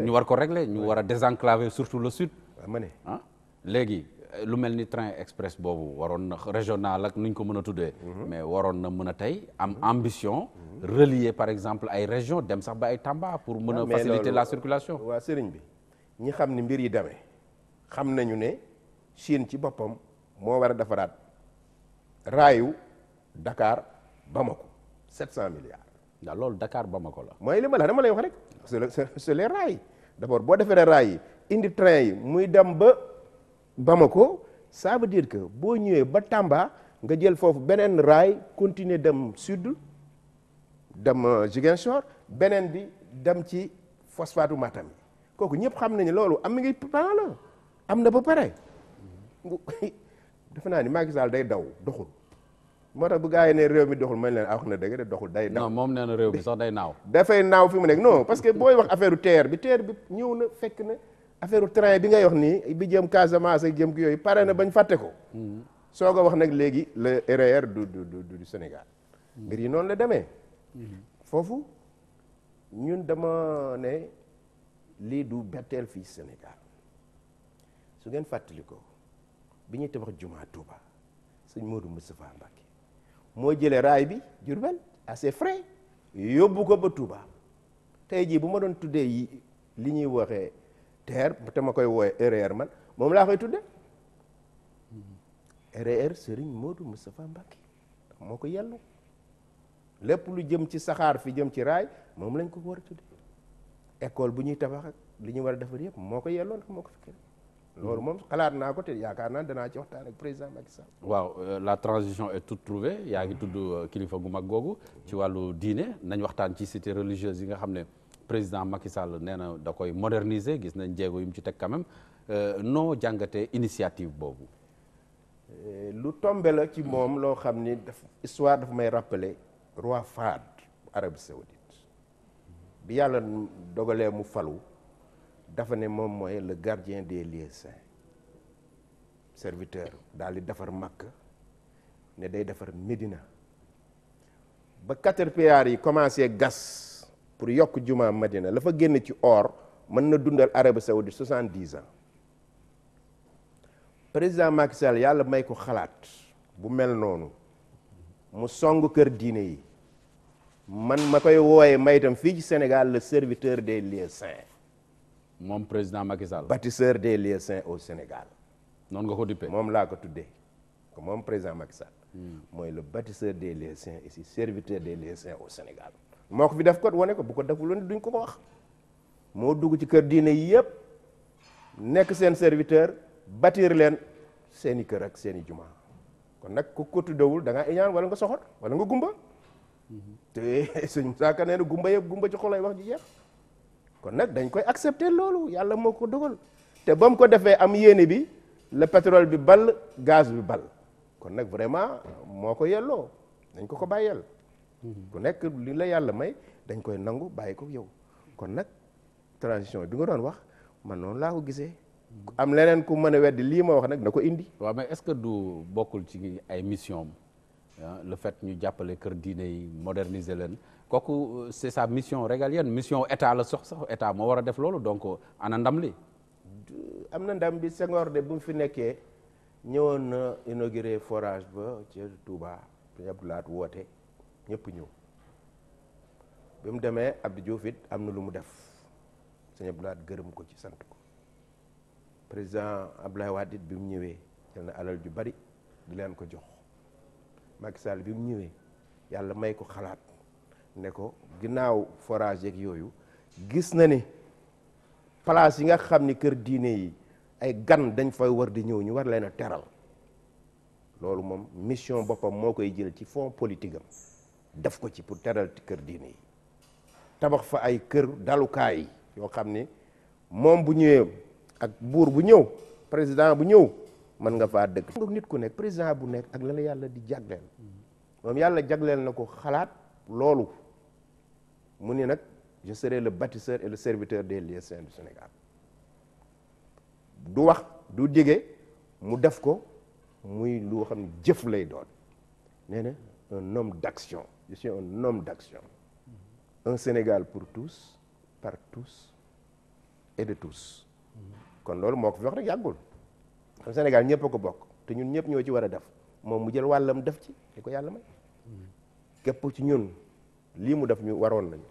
ñu war ko régler ñu war a désenclaver surtout le sud. ma ne ah léegi euh, lu mel ni train express boobu waroon na régional ak nuñ ko mën a tuddee. Mhm. mais waroon na mën a tey am mhm. ambition. Mhm. relier par exemple ay région dem sax ba ay Tamba pour mun a faciliter la circulation. waa sëriñ bi ñi xam ni mbir yi demee xam nañu ne Chine ci boppam moo war a defaraat raayu Dakar Bamako 700 milliards. ndax loolu Dakar Bamako la. mooy li ma la dama lay wax rek c'est les rails d'abord boo defaree rails yi. indi train yi muy dem ba Bamako ça veut dire que boo ñëwee ba Tamba nga jël foofu beneen raay continuer dem sud dem euh, Ziguinchor beneen bi dem ci phosphate Matam yi kooku ñëpp xam nañu loolu am na ngi plan la am na ba pare defe naa ni Macky Sall day daw doxul moo tax bu gars yi ne réew mi doxul mañ leen a ah, wax na dëgg de doxul day daw moom nee na réew mi sax day naaw dafay naaw fi mu nekk non parce que booy wax affaire u bi terre bi ñëw na fekk na affaire train bi ngay wax nii bi jëm Casamance ak jëm ki yooyu pare na mm. bañ fàtte ko. Mm. soog a wax nag léegi le RER du du Sénégal. Mm. mbir yi noonu la demee. Mm-hmm. foofu ñun dama ne lii du betteel fii Sénégal su ngeen fàttali ko bi ñuy tabax jumaa Touba sëñ Modou Moustapha Mbacké moo jëlee raay bi Diourbel à ses frais yóbbu ko ba Touba tey jii bu ma doon tuddee li ñuy waxee. TER te ma koy wooye RER man moom laa koy tudde RER Serigne Modou Moustapha Mbacké moo ko yellu lépp lu jëm ci saxaar fi jëm ci raay moom lañ ko war a tudde école bu ñuy tabax ak ñu war a defar yëpp moo ko yelloon moo loolu moom xalaat naa ko te yaakaar naa danaa ci waxtaan ak président Macky Sall. waaw euh, la transition est tout trouvée yaa ngi tudd euh, kilifa gu mag googu ci wàllu diine nañ waxtaan ci cité religieuse yi nga xam ne. président Macky Sall nee na da koy moderniser gis nañ jéego yu mu ci teg quand euh, noo jàngatee initiative boobu. Euh, lu tombe la ci moom loo xam ni daf histoire dafa may rappeler roi Fahd bu Arabie Saoudite bi yàlla dogalee mu falu dafa ne moom mooy le gardien des lieux saints serviteur daal di defar Makka ne day defar Médina ba caterpillar yi commencé gas. pour yokk jumaa Madina la fa génn ci oor mën na dundal Arabie Saoudite soixante dix ans président Macky yàlla may ko xalaat bu mel noonu mu song kër diine yi man ma koy wooye may itam fii ci Sénégal le serviteur de lieux saints. moom président Macky Sall. bâtisseur des lieux saints au Sénégal. noonu nga ko duppee moom laa ko tuddee moom président Macky Sall. Hmm. mooy le bâtisseur des lieux saints et serviteur des lieux saints au Sénégal. moo ko fi def kot wane ko bu ko defuloon duñ ko ko wax moo dugg ci kër diine yi yëpp nekk seen serviteur bâtir leen seeni kër ak seeni juma kon nag ku ko tuddewul da ngaa iñaan wala nga soxor wala nga gumba te sëñ Musaa Ka nee na gumba yëpp gumba ci xolay wax ji jeex kon nag dañ koy accepter loolu yàlla moo ko dogal te ba mu ko defee am yéene bi le pétrole bi bal gaz bi bal kon nag vraiment moo ko yelloo dañ ko ko bàyyeel ku nekk li la yàlla may dañ koy nangu bàyyi ko yow kon nag transition di nga doon wax man noonu laa ko gisee am leneen ku mën a weddi lii ma wax nag na ko indi waa mais est-ce que du bokkul ci ay mission am ah, le fait ñu jàppale kër diine yi moderniser leen kooku euh, c'est sa mission yen mission état la sox sox état moo war a def loolu donc euh, ana ndam li am na ndam bi Senghor de bu mu fi nekkee ñëwoon na inauguré forage ba ci Touba Abdoulaye woote ñëpp ñëw bi mu demee Abdou Diouf am na lu mu def sëñ Abdou gërëm ko ci sant ko président Abdoulaye Wade it bi mu ñëwee jël na alal ju bari di leen ko jox Macky Sall bi mu ñëwee yàlla may ko xalaat ne ko ginnaaw forage yeeg yooyu gis na ni place yi nga xam ni kër diine yi ay gan dañ fay war di ñëw ñu war leen a teral loolu moom mission boppam moo koy jël ci fond politique am def ko ci pour teral kër diine yi tabax fa ay kër dalukaay yoo xam ne moom bu ñëwee ak buur bu ñëw président bu ñëw mën nga faa dëkk nit ku nekk président bu nekk ak la la yàlla di jagleel moom yàlla jagleel na ko xalaat loolu mu ne nag je serai le bâtisseur et le serviteur des lieux saints du Sénégal du wax du dige mu def ko muy loo xam ne jëf lay doon nee na un homme d'action Je suis un homme d'action. Un Sénégal pour tous, par tous et kon loolu moo ko fi wax rek yàggul. xam Sénégal ñëpp a ko bokk te ñun ñëpp ñoo ci war a def moom mu jël wàllam def ci li ko yàlla may. képp ci ñun lii mu def ñu waroon nañu.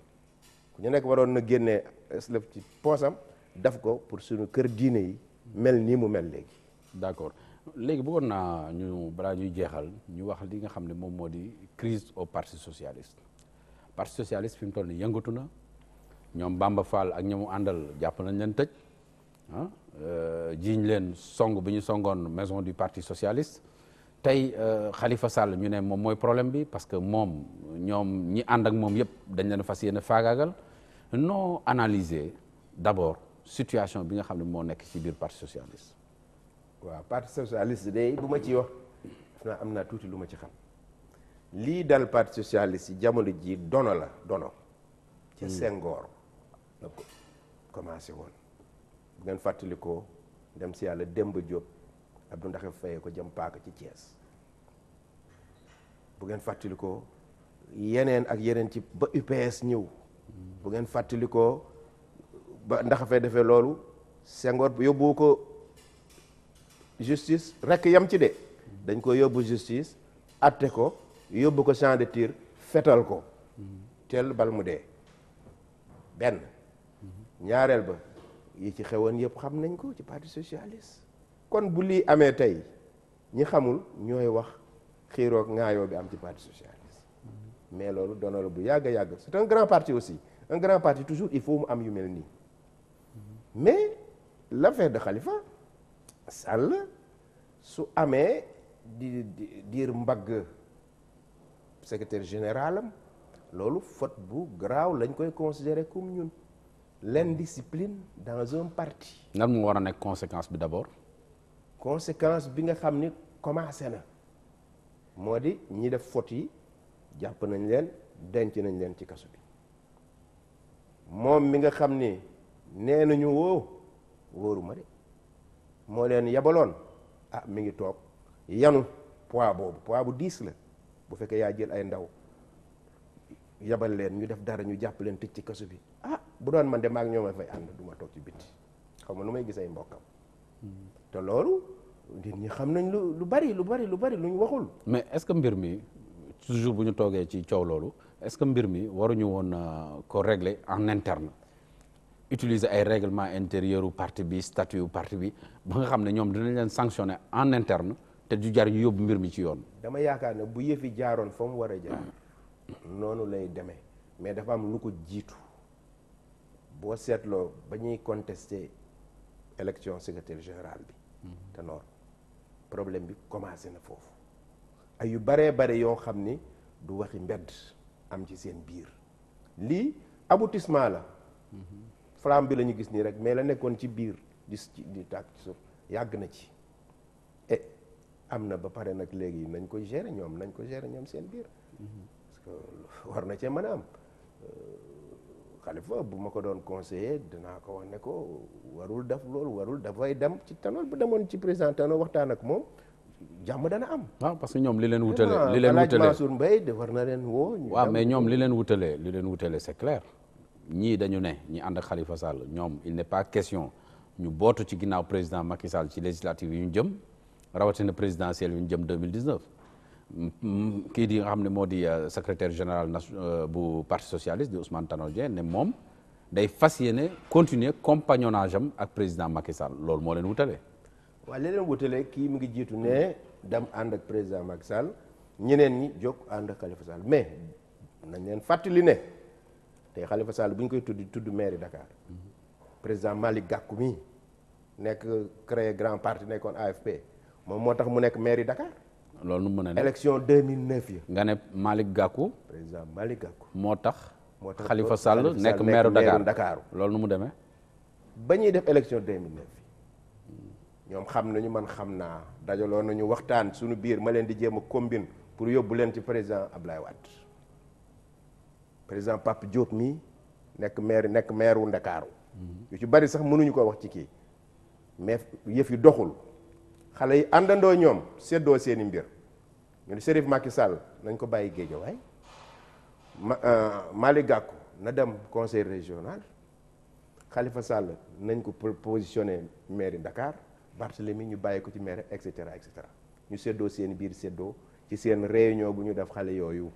ku ñu nekk waroon na génnee lëf ci poosam def ko pour suñu kër diine yi. mel nii mu mel léegi. d'accord. léegi bëggoon naa ñu balaa ñuy jeexal ñu wax li nga xam ne moom moo di crise au partie socialiste parti socialiste fi mu toll nii yëngatu na ñoom Bamba Fall ak ñoomu àndal jàpp nañ leen tëj ah euh, jiiñ leen song bi ñu songoon maison du partie socialiste tey xalifa euh, Sall ñu ne moom mooy problème bi parce que moom ñoom ñi ànd ak moom yëpp dañ leen fas yéene faagaagal noo analyser d'abord situation bi nga xam ne moo nekk ci biir parti socialiste. waaw parti socialiste day bu ma ciy wax daf naa am naa tuuti lu ma ci xam lii dal parti socialiste jamono ji dono la dono ci hmm. Senghor la ko commencé woon bu ngeen fàttalikoo dem si yàlla Demba Diop Abdou Ndaxe Faye ko jëm paaka ci bu ngeen fàttalikoo yeneen ak yeneen ci ba ñëw hmm. bu ngeen fàttalikoo ba Ndaxe Faye defee loolu sengoor yóbbu ko justice rek yam ci de dañ koy yóbbu justice atte ko yóbbu ko champ de tir fetal ko teel bal mu dee benn ñaareel ba yi ci xewoon yëpp xam nañ ko ci parti socialiste kon bu lii amee tey ñi xamul ñooy wax xiiroog ngaayoo bi am ci parti socialiste mais loolu doona bu yàgg a yàgg c'est un grand parti aussi un grand parti toujours il faut mu am yu mel nii mais l'affaire de xalifa Sall su amee di diir mbagg secrétaire généralam loolu faute bu graaw lañ koy considérer comme ñun l'indiscipline dans un parti. nan mu war a nekk conséquence bi d'abord. conséquence bi nga xam ni commencé na moo di ñi def faute yi jàpp nañ leen denc nañ leen ci kaso bi moom mi nga xam ni nee nañu woo wóoruma de moo leen yabaloon ah mi ngi toog yanu pois boobu pois bu diis la bu fekkee yaa jël ay ndaw yabal leen ñu def dara ñu jàpp leen tëj ci kaso bi ah bu doon man de maag ñoo fay ànd du ma toog ci bitti xaw ma nu may gis mbokkam hmm. te loolu nit ñi xam nañ lu lu bari lu bari lu bari lu waxul. mais est-ce que mbir mi toujours bu ñu toogee ci coow loolu est-ce que mbir mi waruñu woon euh, ko régler en internet utiliser ay règlement intérieur u parti bi statut u parti bi ba nga xam ne ñoom dinañ leen sanctionner en interne te du jar ñu yóbbu mbir mi ci yoon. dama yaakaar ne bu yëfi jaaroon fa mu war a jaar noonu lay demee mais dafa am lu ko jiitu boo seetloo ba ñuy contester élection secretaire général bi. te noor problème bi commencé na foofu. ay yu baree bare yoo xam ni du waxi mbedd am ci seen biir lii aboutissement la. Mhm. flamme bi la ñu gis nii rek mais la nekkoon ci biir di di tàkk ci suuf yàgg na ci et am na ba pare nag léegi nañ ko gérer ñoom nañ ko gérer ñoom seen biir mhm. parce que war na cee mën a am Xalifa euh, bu ma ko doon conseiller dinaa ko wax ne ko warul def loolu warul dafay dem ci Tanor bu demoon ci président Tanor waxtaan ak moom jàmm dana am. waaw parce que ñoom li leen wutale li leen wutale Alaaji Mansour Mbaye war na leen woo. waaw ñoom li leen wutale li leen wutale c'est clair. ñii dañu ne ñi ànd ak Khalifa ñoom il n'est pas question ñu bootu ci ginnaaw président Macky Sall ci législative yi ñu jëm rawatina présidentielle yu ñu jëm 2019 mm, kii di nga xam ne moo di euh, secretaire général euh, bu parti socialiste di Ousmane Tanor Dieng ne moom day fas yéene continuer compagnonnage am ak président Macky Sall loolu moo leen wutale waaw leneen wutale kii mu ngi jiitu ne dam ànd ak président Macky Sall ñeneen ñi jóg ànd ak Khalifa Sall mais nañ leen fàttali ne tey Khalifa Sall bu ñu koy tudd tudd maire Dakar président Malick gàkku mi nekk créé grand parti nekkoon AFP moom moo tax mu nekk maire Dakar. loolu nu mu mën a nekk élection 2009 yi. nga ne Malick Gakou. président Malick Gakou. moo tax. moo tax Khalifa Sall nekk maire Dakar Dakar loolu nu mu demee. ba ñuy def élection 2009 yi ñoom xam nañu man xam naa dajaloo nañu waxtaan suñu biir ma leen di jéem a combine pour yóbbu leen ci président Ablaye Wade. président Pape Diop mii nekk maire nekk maire wu Ndakaaru yu ci bari sax mënuñu ko wax ci kii mais yëf yi doxul xale yi àndandoo ñoom séddoo seeni mbir ñu ne Serif Macky Sall nañ ko bàyyi ma euh, Malick Gakou na dem conseil régional Khalifa Sall nañ ko positionné maire Dakar Barthélemy ñu bàyyi ko ci maire et cetera et cetera ñu séddoo seen biir séddoo ci seen réunion bu ñu def xale yooyu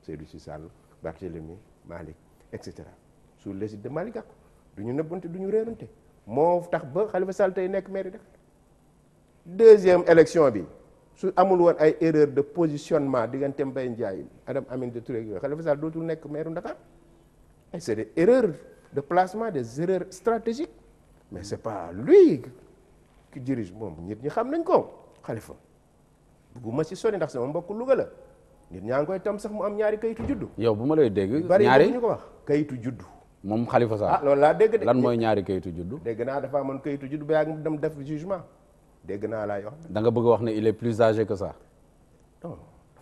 Seydou Sy Sall Barthélemy Malick et cetera sous l'égide de Malick Gakou du ñu nëbbante du ñu réerante moo tax ba Khalifa Sall tey nekk maire de deuxième élection bi su amul woon ay erreur de positionnement diggante Mbaye Ndiaye Adam Aminata Touré yooyu Khalifa Sall dootul nekk maire Dakar ay c'est des erreurs de placement des erreurs stratégiques mais c'est pas lui qui dirige moom ñi xam nañ ko xalifa bugguma ci sori ndax sama mbokk Louga la nit ñaa ngi koy tam sax mu am ñaari kayitu juddu. yow bu ma lay dégg. ñaari kayitu juddu. moom xalifa Sall ah laa dégg lan mooy ñaari kayitu juddu. dégg naa dafa amoon kayitu juddu ba yàgg mu dem def naa laay wax. da nga bëgg a wax ne il est plus âgé que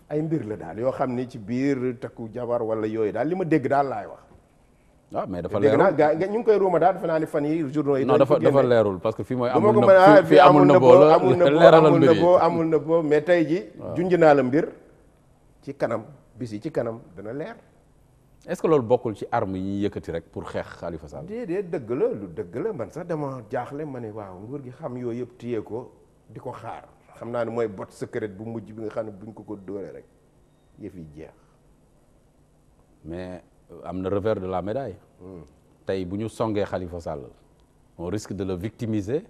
ay mbir la daal yoo xam ni ci biir takku jabar wala yooyu daal li ma dégg daal laay wax. waaw ah, mais dafa leerul ñu ngi koy ruuma daal naa fan yi journaux yi. non dafa dafa parce que fii mooy. amul na fii amul na boo amul na boo amul na boo mais tey ji junj naa la mbir ci kanam bis yi ci kanam dana leer. est-ce que loolu bokkul ci arme yi ñuy yëkkati rek pour xeex Khalifa Sall. déedéet dëgg la lu dëgg la man sax dama jaaxle ma ne waaw nguur gi xam yooyu yëpp téye ko di ko xaar xam naa ne mooy bot secret bu mujj bi nga xam ne buñ ko ko dóoree rek yëf yi jeex. mais euh, am na revers de la médaille. Hmm. tey bu ñu songee Khalifa Sall on risque de la victimiser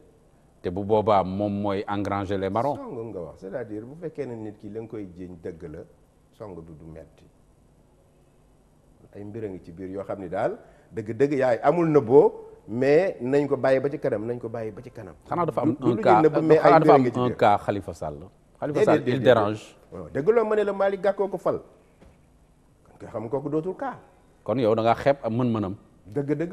te bu boobaa moom mooy engranger les marrons. song nga wax c'est-à-dire bu fekkee ne nit ki la nga koy jéñ dëgg la. song bi du metti ay mbir a ngi ci biir yoo xam ni daal dëgg-dëgg yaay amul nëbboo mais nañ ko bàyyi ba ci kanam nañ ko bàyyi ba ci kanam. xanaa dafa am un cas xanaa dafa am un cas Khalifa Sall. Khalifa Sall il dérange. waaw dëgg loo ma ne la Malick Gakou ko fal kon xam nga kooku dootul cas. kon yow da ngaa xeeb am mën-mënam. dëgg-dëgg.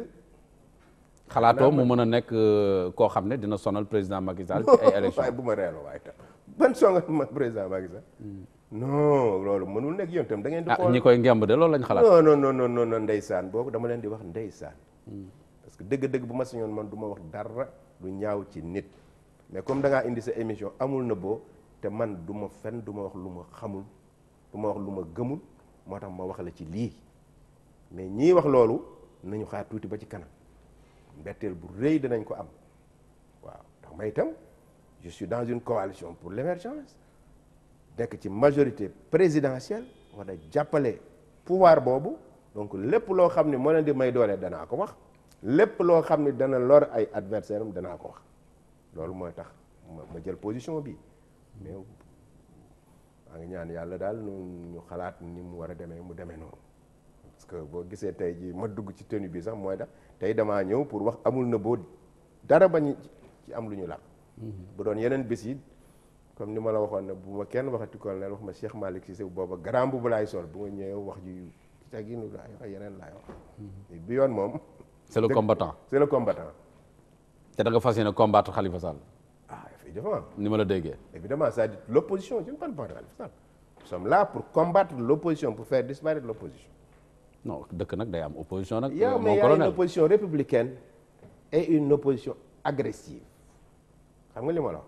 xalaatoo mu mën a nekk euh, koo xam ne dina sonal président Macky Sall ci ay élections. waaye bu ma non loolu mënul nekk yéen tam da ngeen di. Ah, xool ah ñi koy ngemb de loolu lañ xalaat. non non non non non ndeysaan boobu dama leen di wax ndeysaan. Hmm. parce que dëgg-dëgg bu ma sañoon man du ma wax dara lu ñaaw ci nit. mais comme dangaa indi sa émission amul na boo te man du ma fen du ma wax lu ma xamul du ma wax lu ma gëmul moo tax ma wax la ci lii mais ñii wax loolu nañu xaar tuuti ba ci kanam mbetteel bu rëy dinañ ko am waaw ndax ma itam je suis dans une coalition pour l'émergence dekk ci majorité présidentielle war a jàppale pouvoir boobu donc lépp loo xam ni moo leen di may doole danaa ko wax lépp loo xam ni dana lor ay adversaire am danaa ko wax loolu mooy tax ma jël position bi mais maa ngi ñaan yàlla daal ñu xalaat ni mu war a demee mu demee noonu parce que boo gisee tey ji ma dugg ci tenu bi sax mooy tax tey damaa ñëw pour wax amul na boo dara bañ ci am lu ñu làq mm-hmm. bu doon yeneen bisi comme ni ma la waxoon ne bu ma kenn waxati colonel wax ma Cheikh Malick Cissé booba grand bu laay sol bu ma ñëwee wax ji tegginu laay wax yeneen laay yoon moom c'est le combattant c'est le combattant te da nga fas yéene combattre Khalifa Sall ah évidemment ni ma la déggee évidemment c'est-à-dire l'opposition je ne parle pas de Khalifa Sall nous sommes là pour combattre l'opposition pour faire disparaître l'opposition non dëkk nag day am opposition nag yow mais y a une opposition républicaine et une opposition nga li la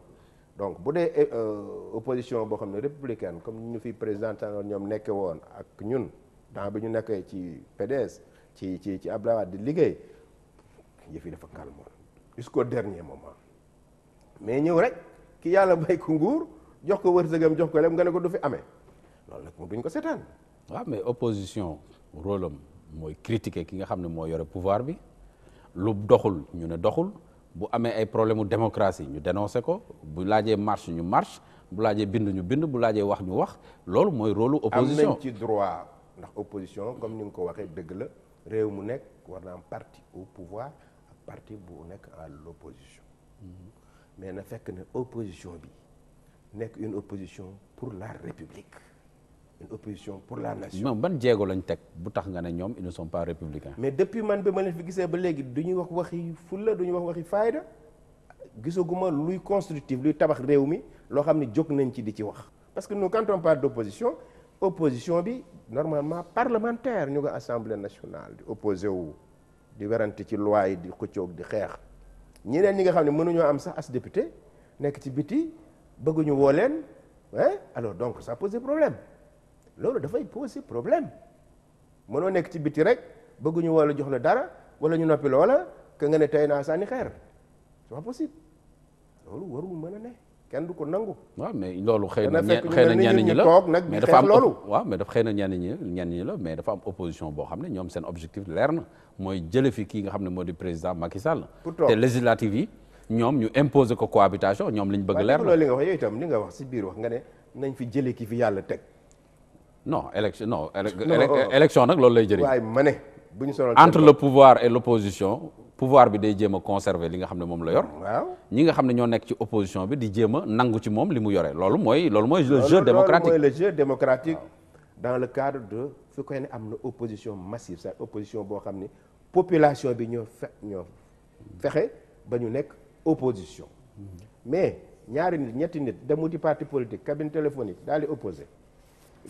donc bu dee eh, euh, opposition boo xam ne républicaine comme ñu fi présenté ñoom nekke woon ak ñun temps bi ñu nekkee ci PDS ci ci ci Abdoulaye Wade di liggéey yëf yi dafa calmoon jusqu'au dernier moment mais ñëw rek ki yàlla may ko nguur jox ko wërsëgam jox ko lem nga ne ko du fi amee loolu nag mu duñ ko seetaan waaw mais opposition rôle am mooy critiquer ki nga xam ne moo yore pouvoir bi lu doxul ñu ne doxul bu amee ay problème mu démocratie ñu dénoncé ko bu laajee marche ñu marche bu laajee bind ñu bind bu laajee wax ñu wax loolu mooy rôle opposition am nañ ci droit ndax opposition comme ni nga ko waxee dëgg la réew mu nekk war na am parti au pouvoir ak parti bu nekk à l'opposition mhm. mais na fekk ne opposition bi nekk une opposition pour la république une opposition pour la nation. ban jéego lañ teg bu tax nga ne ñoom ils ne sont pas républicains. mais depuis man bi ma leen fi gisee ba léegi du ñu wax waxi fulla du ñu wax waxi faayda gisaguma luy constructif luy tabax réew mi loo xam ne jóg nañ ci di ci wax. parce que nous quand on par d' opposition opposition bi normalement parlementaire ñu ko assemblée nationale di opposé wu di werante ci loi yi di xëccoog di xeex ñeneen ñi nga xam ne mënuñoo am sax as député nekk ci biti bëgguñu woo leen alors donc ça problème. loolu dafay poser problème mënoo nekk ci biti rek bëgguñu wala jox la dara wala ñu noppi loola que nga ne tey naa sànni xeer c'est pas possible loolu warul mën a ne kenn du ko nangu. waaw mais loolu xëy na ñenn ñi la toog nag mais dafa am loolu waaw mais dafa ñi ñenn ñi la mais dafa am opposition boo xam ne ñoom seen objectif leer na mooy jële fi kii nga xam ne moo di président Macky Sall. te législative yi ñoom ñu imposer ko cohabitation ñoom liñ bëgg leer na. waaw loolu li nga wax yooyu wax si biir wax nga ne nañ fi jëlee ki fi yàlla teg. non élection non. élection nag loolu lay jëriñ. waaye ma ne bu ñu sonal entre le pouvoir et l' opposition pouvoir bi day jéem a conserver li nga xam ne moom la yor. waaw ñi nga xam ne ñoo nekk ci opposition bi di jéem nangu ci moom li mu yore loolu mooy. loolu mooy le jeu démocratique loolu mooy le jeu démocratique. dans le cadre de su koy ne am na opposition massive c'est opposition boo xam ni population bi ñoo fe ñoo fexe ba ñu nekk opposition. Mm-hmm. mais ñaari nit ñetti nit dem wuti parti politique cabine téléphonique daal di opposé.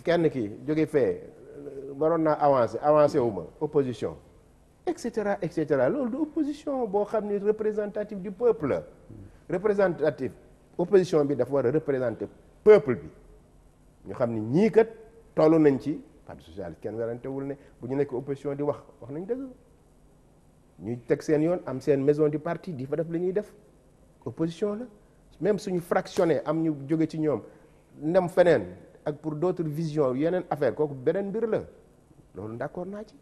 kenn ki jóge fee waroon naa avancé avancer wu ma opposition et cetera et cetera loolu du opposition boo xam ni représentative du peuple la représentative opposition bi dafa war a représenter peuple bi ñu xam ni ñii kat toll nañ ci parti socialiste kenn wul ne bu ñu nekk opposition di wax wax nañ dëgg ñuy teg seen yoon am seen maison du parti di fa def li ñuy def opposition la même suñu fractionné am ñu jóge ci ñoom ndem feneen ak pour d'autres visions yeneen affaire kooku beneen mbir la loolu d'accord naa ci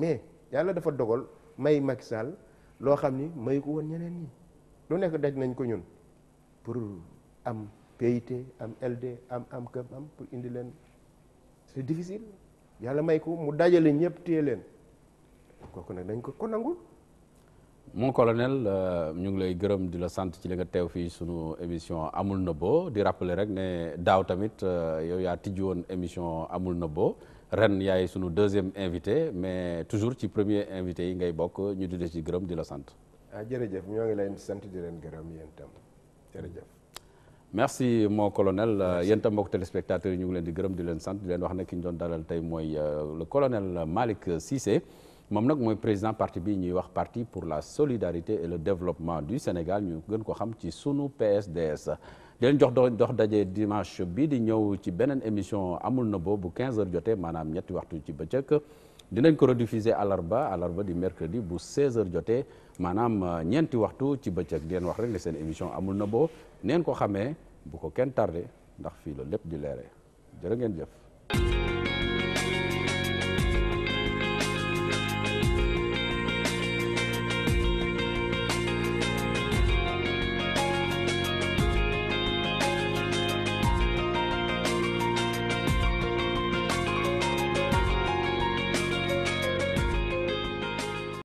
mais yàlla dafa dogal may Macky Sall loo xam ni may ko woon ñeneen ñi lu nekk daj nañ ko ñun pour am PIT am LD am am kam am pour indi leen c'est difficile yàlla may ko mu dajale ñëpp téye leen kooku nag dañ ko ko nangul mon colonel euh, ñu ngi lay gërëm di la sant ci li nga teew fii sunu émission amul nëbbo di rappeler rek ne daaw tamit euh, yow yaa tijji woon émission amul nëbbo ren yaay sunu deuxième invité mais toujours ci premier invité yi ngay bokk ñu di la ci gërëm di la sant. ah jërëjëf ñoo ngi leen sant di leen gërëm yéen jërëjëf. merci mon colonel euh, yéen tam mbokk téléspectateurs yi ñu ngi leen di gërëm di leen sant di leen wax ne ki ñu doon dalal tey mooy le colonel Malick Cissé. moom nag mooy président parti bi ñuy wax parti pour la solidarité et le développement du Sénégal ñu gën ko xam ci sunu PSDS di leen jox dox daje dimanche bi di ñëw ci beneen émission amul na boobu 15 heures jotee maanaam ñetti waxtu ci bëccëg dinañ ko rediffuser àllarba àllarba di mercredi bu 16 jotee maanaam euh, ñeenti waxtu ci bëccëg di leen wax rek ne seen émission amul na boo neen ko xamee bu ko kenn tardé ndax fii la lépp di leere jërë ngeen jëf.